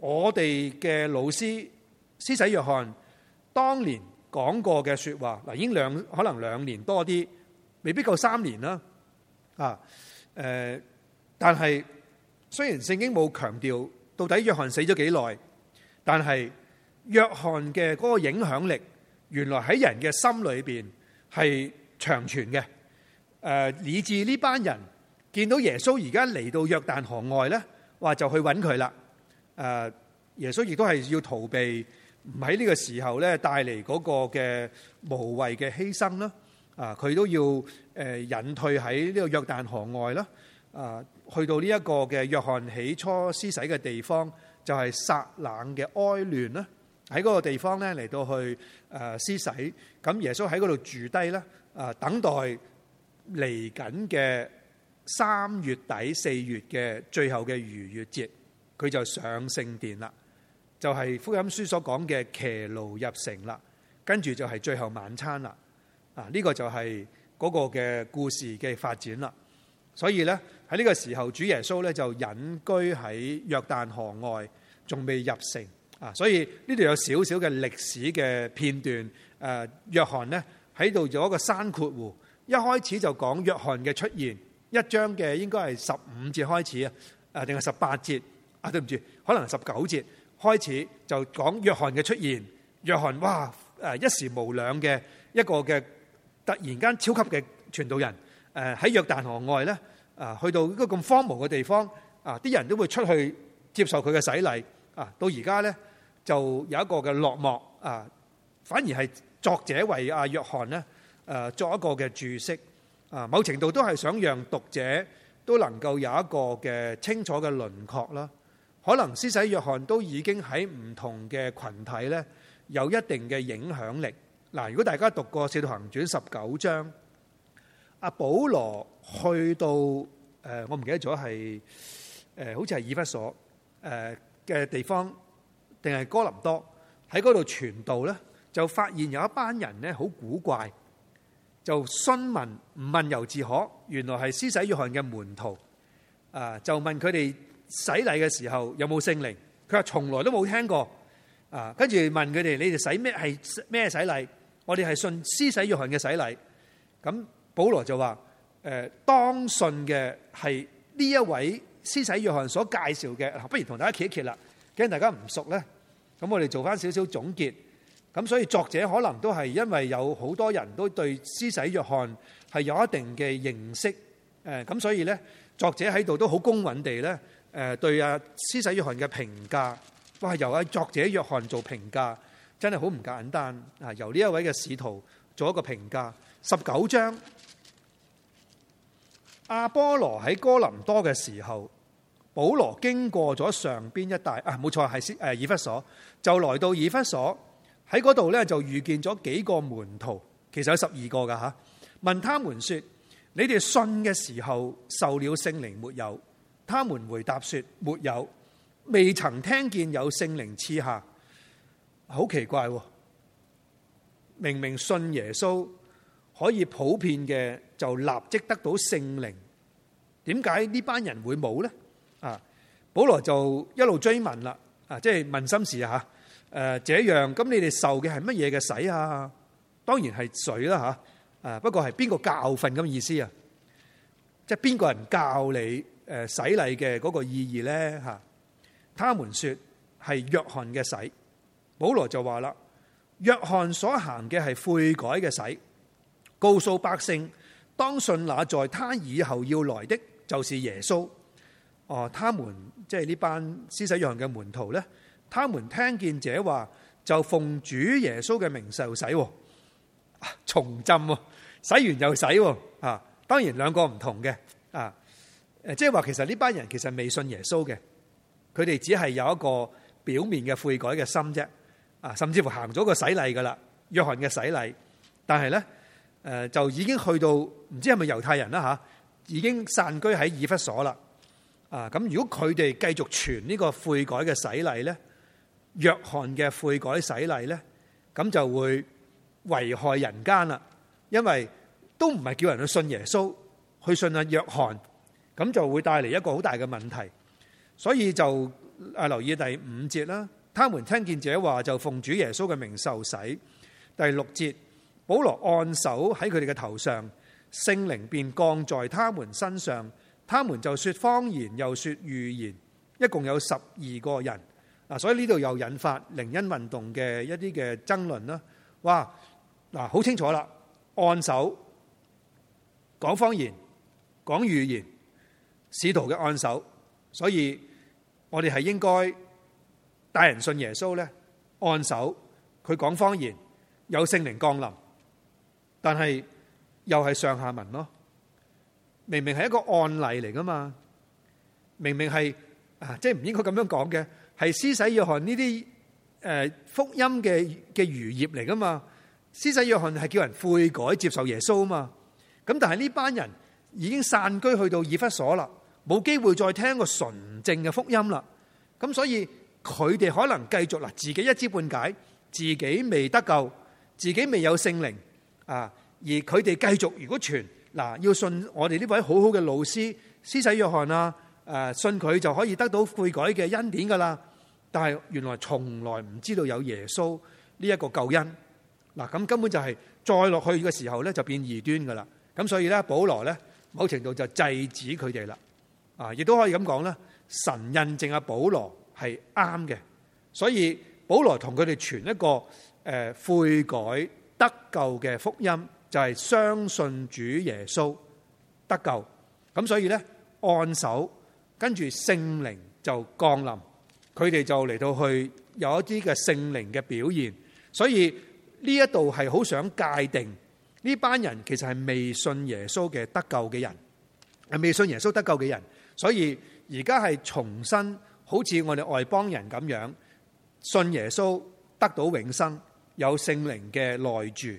我哋嘅老師師仔約翰當年講過嘅説話。嗱，已經兩可能兩年多啲。未必夠三年啦，啊，誒，但係雖然聖經冇強調到底約翰死咗幾耐，但係約翰嘅嗰個影響力，原來喺人嘅心裏邊係長存嘅。誒，以致呢班人見到耶穌而家嚟到約旦河外咧，話就去揾佢啦。誒，耶穌亦都係要逃避唔喺呢個時候咧帶嚟嗰個嘅無謂嘅犧牲咯。啊！佢都要誒、呃、引退喺呢個約旦河外啦。啊，去到呢一個嘅約翰起初施洗嘅地方，就係、是、撒冷嘅哀嫩啦。喺嗰個地方咧，嚟到去誒、呃、施洗，咁、啊、耶穌喺嗰度住低啦。啊，等待嚟緊嘅三月底四月嘅最後嘅逾越節，佢就上聖殿啦。就係、是、福音書所講嘅騎驢入城啦。跟住就係最後晚餐啦。啊！呢個就係嗰個嘅故事嘅發展啦。所以呢，喺呢個時候，主耶穌呢就隱居喺約旦河外，仲未入城啊。所以呢度有少少嘅歷史嘅片段。誒，約翰呢喺度做一個山括弧，一開始就講約翰嘅出現一章嘅應該係十五節開始啊，誒定係十八節啊？對唔住，可能十九節開始就講約翰嘅出現。約翰哇誒，一時無兩嘅一個嘅。突然間，超級嘅傳道人，誒喺約但河外咧，啊，去到一個咁荒蕪嘅地方，啊，啲人都會出去接受佢嘅洗禮。啊，到而家咧，就有一個嘅落幕。啊，反而係作者為阿約翰咧，誒作一個嘅注釋。啊，某程度都係想讓讀者都能夠有一個嘅清楚嘅輪廓啦。可能施洗約翰都已經喺唔同嘅羣體咧，有一定嘅影響力。嗱，如果大家讀過《使徒行傳》十九章，阿保羅去到誒我唔記得咗係誒好似係以弗所誒嘅地方，定係哥林多喺嗰度傳道咧，就發現有一班人咧，好古怪，就詢問唔問由自可，原來係施洗約翰嘅門徒，啊，就問佢哋洗禮嘅時候有冇聖靈，佢話從來都冇聽過，啊，跟住問佢哋你哋洗咩係咩洗禮？我哋係信施洗約翰嘅洗禮，咁保羅就話，誒，當信嘅係呢一位施洗約翰所介紹嘅。不如同大家揭一揭啦，驚大家唔熟咧。咁我哋做翻少少總結，咁所以作者可能都係因為有好多人都對施洗約翰係有一定嘅認識，誒，咁所以咧作者喺度都好公允地咧，誒，對阿施洗約翰嘅評價，都係由阿作者約翰做評價。真係好唔簡單啊！由呢一位嘅使徒做一個評價，十九章，阿波羅喺哥林多嘅時候，保羅經過咗上邊一帶啊，冇錯係先誒，係以弗所就來到以弗所喺嗰度呢，在那裡就遇見咗幾個門徒，其實有十二個噶吓，問他們說：你哋信嘅時候受了聖靈沒有？他們回答說：沒有，未曾聽見有聖靈賜下。好奇怪，明明信耶穌可以普遍嘅就立即得到聖靈，點解呢班人會冇咧？啊，保羅就一路追問啦，啊，即係問心事吓，誒，這樣咁你哋受嘅係乜嘢嘅洗啊？當然係水啦吓，誒，不過係邊個教訓咁意思啊？即係邊個人教你誒洗禮嘅嗰個意義咧吓？他們說係約翰嘅洗。保羅就話啦，約翰所行嘅係悔改嘅洗，告訴百姓當信那在他以後要來的就是耶穌。哦，他們即係呢班施洗約翰嘅門徒咧，他們聽見這話就奉主耶穌嘅名受洗，重浸喎，洗完又洗，啊，當然兩個唔同嘅，啊，誒，即係話其實呢班人其實未信耶穌嘅，佢哋只係有一個表面嘅悔改嘅心啫。啊，甚至乎行咗個洗禮㗎喇，約翰嘅洗禮，但係咧，誒就已經去到唔知係咪猶太人啦吓，已經散居喺以弗所啦。啊，咁如果佢哋繼續傳呢個悔改嘅洗禮咧，約翰嘅悔改洗禮咧，咁就會危害人間啦。因為都唔係叫人去信耶穌，去信啊約翰，咁就會帶嚟一個好大嘅問題。所以就誒留意第五節啦。他們聽見這話就奉主耶穌嘅名受洗。第六節，保羅按手喺佢哋嘅頭上，聖靈便降在他們身上。他們就說方言，又說預言，一共有十二個人。嗱，所以呢度又引發靈恩運動嘅一啲嘅爭論啦。哇，嗱，好清楚啦，按手講方言，講預言，使徒嘅按手，所以我哋係應該。大人信耶穌咧，按手佢講方言，有聖靈降臨，但係又係上下文咯。明明係一個案例嚟噶嘛，明明係啊，即係唔應該咁樣講嘅，係施洗約翰呢啲誒福音嘅嘅餘孽嚟噶嘛。施洗約翰係叫人悔改接受耶穌啊嘛。咁但係呢班人已經散居去到以弗所啦，冇機會再聽個純正嘅福音啦。咁所以。佢哋可能繼續嗱，自己一知半解，自己未得救，自己未有聖靈啊。而佢哋繼續如果傳嗱，要信我哋呢位好好嘅老師，施洗約翰啊，誒信佢就可以得到悔改嘅恩典噶啦。但係原來從來唔知道有耶穌呢一個救恩嗱，咁根本就係再落去嘅時候咧，就變異端噶啦。咁所以咧，保羅咧某程度就制止佢哋啦。啊，亦都可以咁講咧，神印證阿保羅。係啱嘅，所以保羅同佢哋傳一個誒悔改得救嘅福音，就係相信主耶穌得救。咁所以呢，按手，跟住聖靈就降臨，佢哋就嚟到去有一啲嘅聖靈嘅表現。所以呢一度係好想界定呢班人其實係未信耶穌嘅得救嘅人，係未信耶穌得救嘅人。所以而家係重新。好似我哋外邦人咁樣信耶穌得到永生，有聖靈嘅內住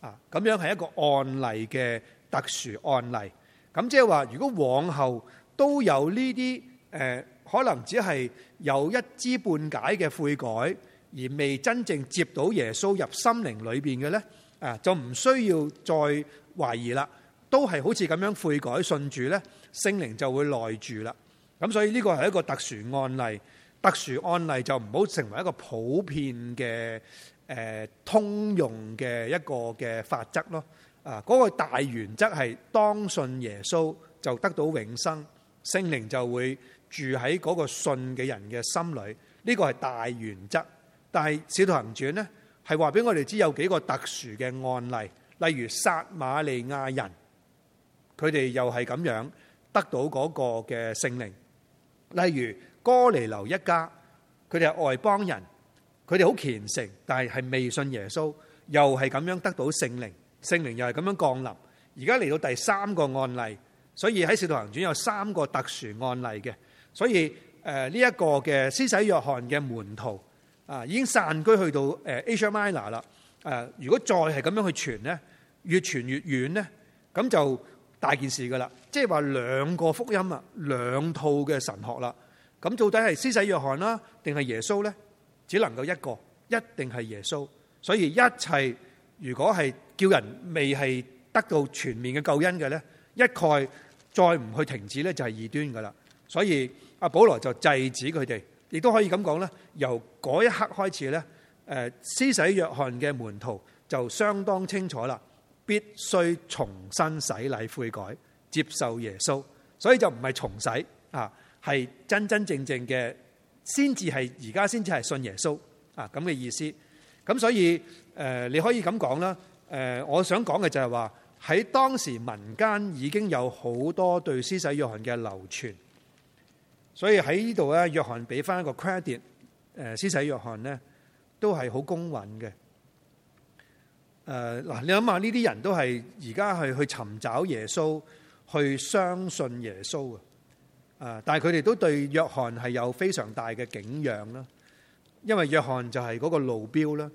啊，咁樣係一個案例嘅特殊案例。咁即係話，如果往後都有呢啲誒，可能只係有一知半解嘅悔改，而未真正接到耶穌入心靈裏邊嘅咧，啊，就唔需要再懷疑啦，都係好似咁樣悔改信主咧，聖靈就會內住啦。咁所以呢個係一個特殊案例，特殊案例就唔好成為一個普遍嘅誒通用嘅一個嘅法則咯。啊，嗰個大原則係當信耶穌就得到永生，聖靈就會住喺嗰個信嘅人嘅心裏。呢個係大原則，但係《使徒行傳》呢，係話俾我哋知有幾個特殊嘅案例，例如撒瑪利亞人，佢哋又係咁樣得到嗰個嘅聖靈。例如哥尼流一家，佢哋係外邦人，佢哋好虔誠，但係係未信耶穌，又係咁樣得到聖靈，聖靈又係咁樣降臨。而家嚟到第三個案例，所以喺《使徒行傳》有三個特殊案例嘅。所以誒呢一個嘅施洗約翰嘅門徒啊，已經散居去到誒 Asia Minor 啦。誒，如果再係咁樣去傳咧，越傳越遠咧，咁就。大件事噶啦，即係話兩個福音啊，兩套嘅神學啦。咁到底係施洗約翰啦，定係耶穌呢？只能夠一個，一定係耶穌。所以一切如果係叫人未係得到全面嘅救恩嘅呢，一概再唔去停止呢，就係異端噶啦。所以阿保羅就制止佢哋，亦都可以咁講咧。由嗰一刻開始呢，誒，施洗約翰嘅門徒就相當清楚啦。必須重新洗禮悔改，接受耶穌，所以就唔係重洗啊，係真真正正嘅，先至係而家先至係信耶穌啊咁嘅意思。咁所以誒，你可以咁講啦。誒，我想講嘅就係話喺當時民間已經有好多對施洗約翰嘅流傳，所以喺呢度咧，約翰俾翻一個 credit，誒，施洗約翰咧都係好公允嘅。誒，嗱，你諗下呢啲人都係而家係去尋找耶穌，去相信耶穌嘅，誒，但係佢哋都對約翰係有非常大嘅景仰啦，因為約翰就係嗰個路標啦，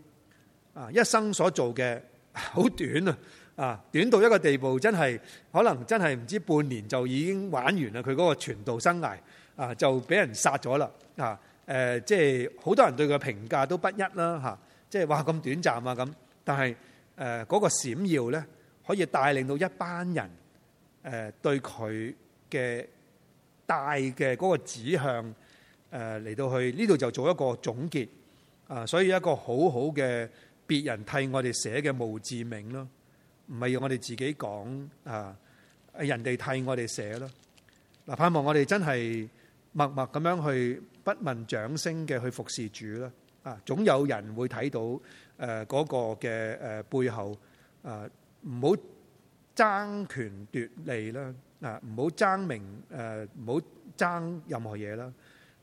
啊，一生所做嘅好短啊，啊，短到一個地步，真係可能真係唔知半年就已經玩完啦，佢嗰個傳道生涯，啊，就俾人殺咗啦，啊，誒，即係好多人對佢嘅評價都不一啦，吓，即係話咁短暫啊咁，但係。誒、那、嗰個閃耀咧，可以帶領到一班人誒對佢嘅大嘅嗰個指向誒嚟到去呢度就做一個總結啊，所以一個好好嘅別人替我哋寫嘅墓誌銘咯，唔係要我哋自己講啊，人哋替我哋寫咯。嗱，盼望我哋真係默默咁樣去不問掌聲嘅去服侍主啦。啊，總有人會睇到誒嗰、呃嗰個嘅誒背後啊，唔好爭權奪利啦，啊、呃，唔好爭名誒，唔好爭任何嘢啦。誒、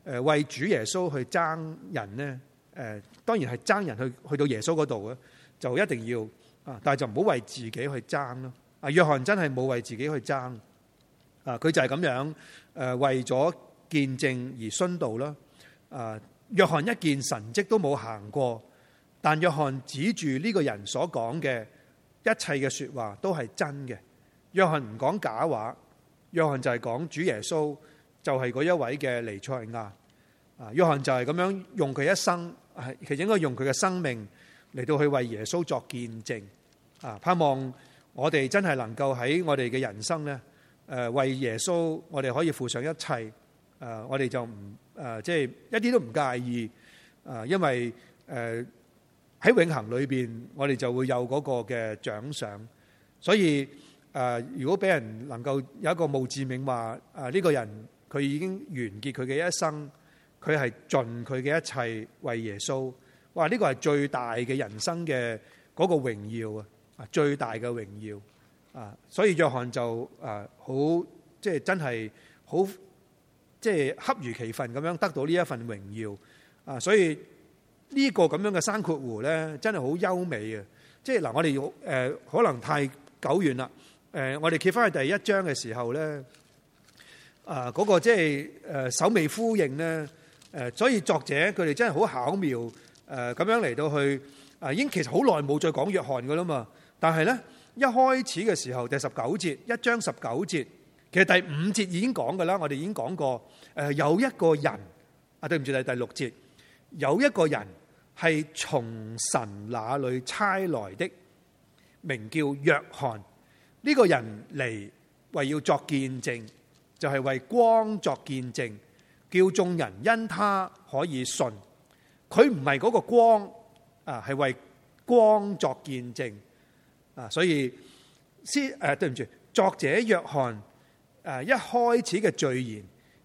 呃、為主耶穌去爭人呢，誒、呃、當然係爭人去去到耶穌嗰度嘅，就一定要啊、呃，但係就唔好為自己去爭咯。啊，約翰真係冇為自己去爭，啊、呃，佢就係咁樣誒、呃、為咗見證而殉道啦，啊、呃。約翰一件神迹都冇行過，但約翰指住呢個人所講嘅一切嘅說話都係真嘅。約翰唔講假話，約翰就係講主耶穌就係嗰一位嘅彌賽亞。啊，約翰就係咁樣用佢一生，其實應該用佢嘅生命嚟到去為耶穌作見證。啊，盼望我哋真係能夠喺我哋嘅人生呢，誒為耶穌，我哋可以付上一切。我哋就唔。誒，即係一啲都唔介意，誒，因為誒喺永恆裏邊，我哋就會有嗰個嘅獎賞。所以誒，如果俾人能夠有一個墓誌銘話，誒呢個人佢已經完結佢嘅一生，佢係盡佢嘅一切為耶穌。哇！呢個係最大嘅人生嘅嗰個榮耀啊，最大嘅榮耀啊。所以約翰就誒好，即係真係好。即係恰如其分咁樣得到呢一份榮耀啊！所以呢個咁樣嘅山括弧咧，真係好優美嘅。即係嗱，我哋誒可能太久遠啦。誒，我哋揭翻去第一章嘅時候咧，啊嗰個即係誒首尾呼應咧。誒，所以作者佢哋真係好巧妙誒咁樣嚟到去啊！已經其實好耐冇再講約翰噶啦嘛。但係咧，一開始嘅時候，第十九節，一章十九節。其實第五節已經講噶啦，我哋已經講過。誒，有一個人，啊，對唔住，係第六節，有一個人係從神那裏差來的，名叫約翰。呢、這個人嚟，為要作見證，就係、是、為光作見證，叫眾人因他可以信。佢唔係嗰個光，啊，係為光作見證。啊，所以先誒，對唔住，作者約翰。誒，一開始嘅序言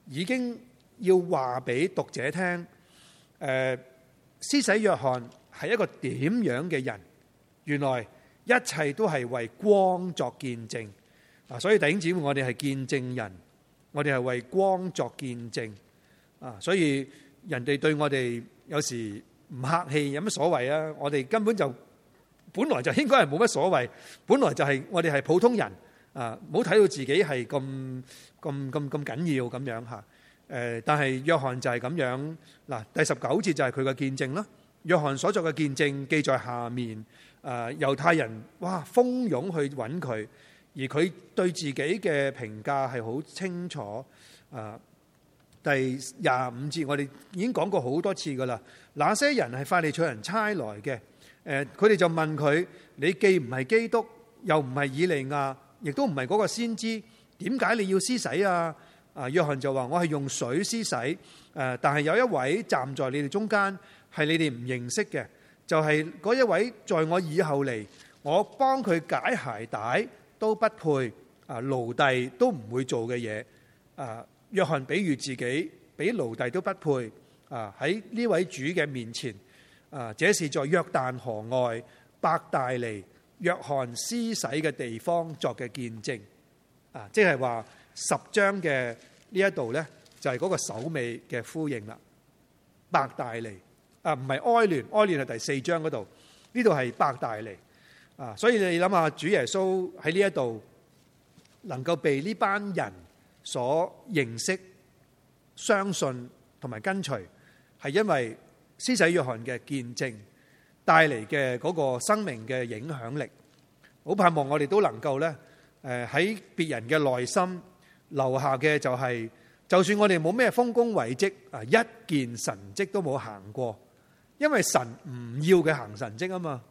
已經要話俾讀者聽。誒、呃，施洗約翰係一個點樣嘅人？原來一切都係為光作見證。啊，所以弟兄姊妹，我哋係見證人，我哋係為光作見證。啊，所以人哋對我哋有時唔客氣，有乜所謂啊？我哋根本就，本來就應該係冇乜所謂，本來就係、是、我哋係普通人。啊，冇睇到自己係咁咁咁咁緊要咁樣嚇。誒，但係約翰就係咁樣嗱，第十九節就係佢嘅見證啦。約翰所作嘅見證記在下面。誒，猶太人哇蜂擁去揾佢，而佢對自己嘅評價係好清楚。誒，第廿五節我哋已經講過好多次噶啦，那些人係法利賽人差來嘅。誒，佢哋就問佢：你既唔係基督，又唔係以利亞？亦都唔係嗰個先知，點解你要施洗啊？啊，約翰就話：我係用水施洗。誒，但係有一位站在你哋中間，係你哋唔認識嘅，就係、是、嗰一位在我以後嚟，我幫佢解鞋帶都不配啊，奴隸都唔會做嘅嘢。啊，約翰比喻自己，比奴隸都不配。啊，喺呢位主嘅面前，啊，這是在約但河外伯大尼。約翰施洗嘅地方作嘅見證，啊，即係話十章嘅呢一度咧，就係嗰個首尾嘅呼應啦。伯大尼，啊，唔係哀憐，哀憐係第四章嗰度，呢度係伯大尼。啊，所以你諗下，主耶穌喺呢一度能夠被呢班人所認識、相信同埋跟隨，係因為施洗約翰嘅見證。帶嚟嘅嗰個生命嘅影響力，好盼望我哋都能夠呢。誒喺別人嘅內心留下嘅就係，就算我哋冇咩豐功偉績啊，一件神蹟都冇行過，因為神唔要佢行神蹟啊嘛，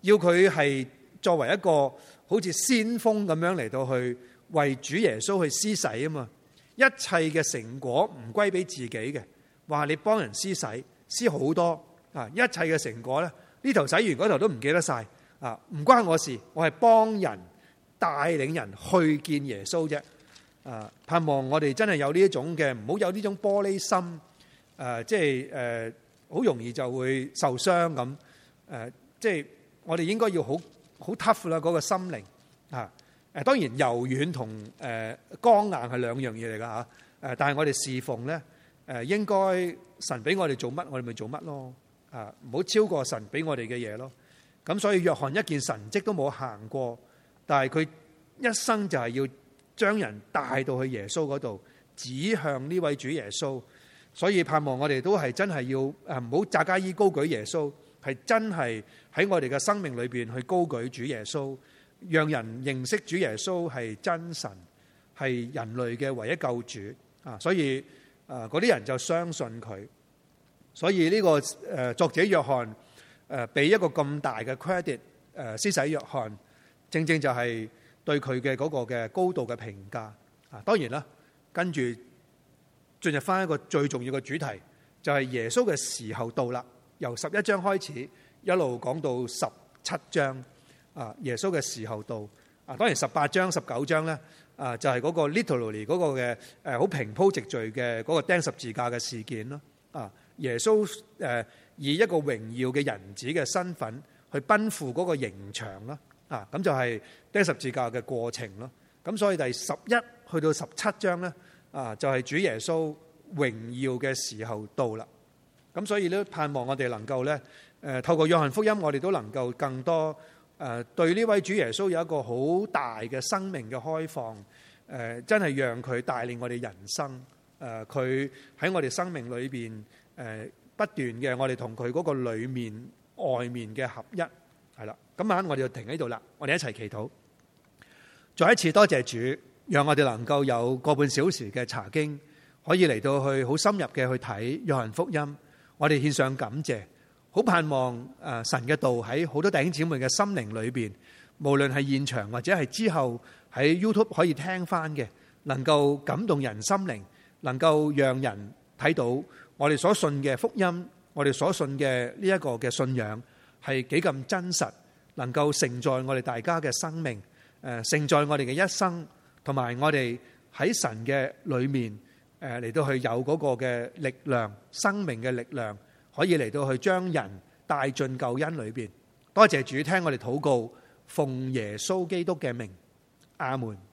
要佢係作為一個好似先鋒咁樣嚟到去為主耶穌去施洗啊嘛，一切嘅成果唔歸俾自己嘅，話你幫人施洗，施好多啊，一切嘅成果呢。呢頭洗完嗰頭都唔記得晒啊！唔關我事，我係幫人帶領人去見耶穌啫。啊！盼望我哋真係有呢一種嘅，唔好有呢種玻璃心。誒，即係誒，好容易就會受傷咁。誒，即係我哋應該要好好 tough 啦，嗰個心靈吓。誒，當然柔軟同誒剛硬係兩樣嘢嚟噶吓。誒，但係我哋侍奉咧，誒，應該神俾我哋做乜，我哋咪做乜咯。啊！唔好超過神俾我哋嘅嘢咯。咁所以約翰一件神跡都冇行過，但係佢一生就係要將人帶到去耶穌嗰度，指向呢位主耶穌。所以盼望我哋都係真係要啊唔好扎家依高舉耶穌，係真係喺我哋嘅生命裏邊去高舉主耶穌，讓人認識主耶穌係真神，係人類嘅唯一救主。啊，所以啊嗰啲人就相信佢。所以呢個誒作者約翰誒俾一個咁大嘅 credit 誒，施洗約翰正正就係對佢嘅嗰個嘅高度嘅評價啊！當然啦，跟住進入翻一個最重要嘅主題，就係耶穌嘅時候到啦。由十一章開始一路講到十七章啊，耶穌嘅時候到啊，當然十八章、十九章咧啊，就係嗰個 literally 嗰個嘅誒好平鋪直敍嘅嗰個釘十字架嘅事件咯啊！耶穌誒以一個榮耀嘅人子嘅身份去奔赴嗰個刑場啦，啊咁就係釘十字架嘅過程咯。咁所以第十一去到十七章呢，啊就係、是、主耶穌榮耀嘅時候到啦。咁所以咧盼望我哋能夠呢，誒透過約翰福音，我哋都能夠更多誒對呢位主耶穌有一個好大嘅生命嘅開放誒，真係讓佢帶領我哋人生誒，佢喺我哋生命裏邊。誒，不斷嘅，我哋同佢嗰個裏面、外面嘅合一，係啦。今晚我哋就停喺度啦。我哋一齊祈禱，再一次多謝主，讓我哋能夠有個半小時嘅查經，可以嚟到去好深入嘅去睇約翰福音。我哋獻上感謝，好盼望誒神嘅道喺好多弟兄姊妹嘅心靈裏邊，無論係現場或者係之後喺 YouTube 可以聽翻嘅，能夠感動人心靈，能夠讓人睇到，我哋所信嘅福音，我哋所信嘅呢一個嘅信仰係幾咁真實，能夠承載我哋大家嘅生命，誒承載我哋嘅一生，同埋我哋喺神嘅裏面，誒嚟到去有嗰個嘅力量，生命嘅力量，可以嚟到去將人帶進救恩裏邊。多謝主聽我哋禱告，奉耶穌基督嘅名，阿門。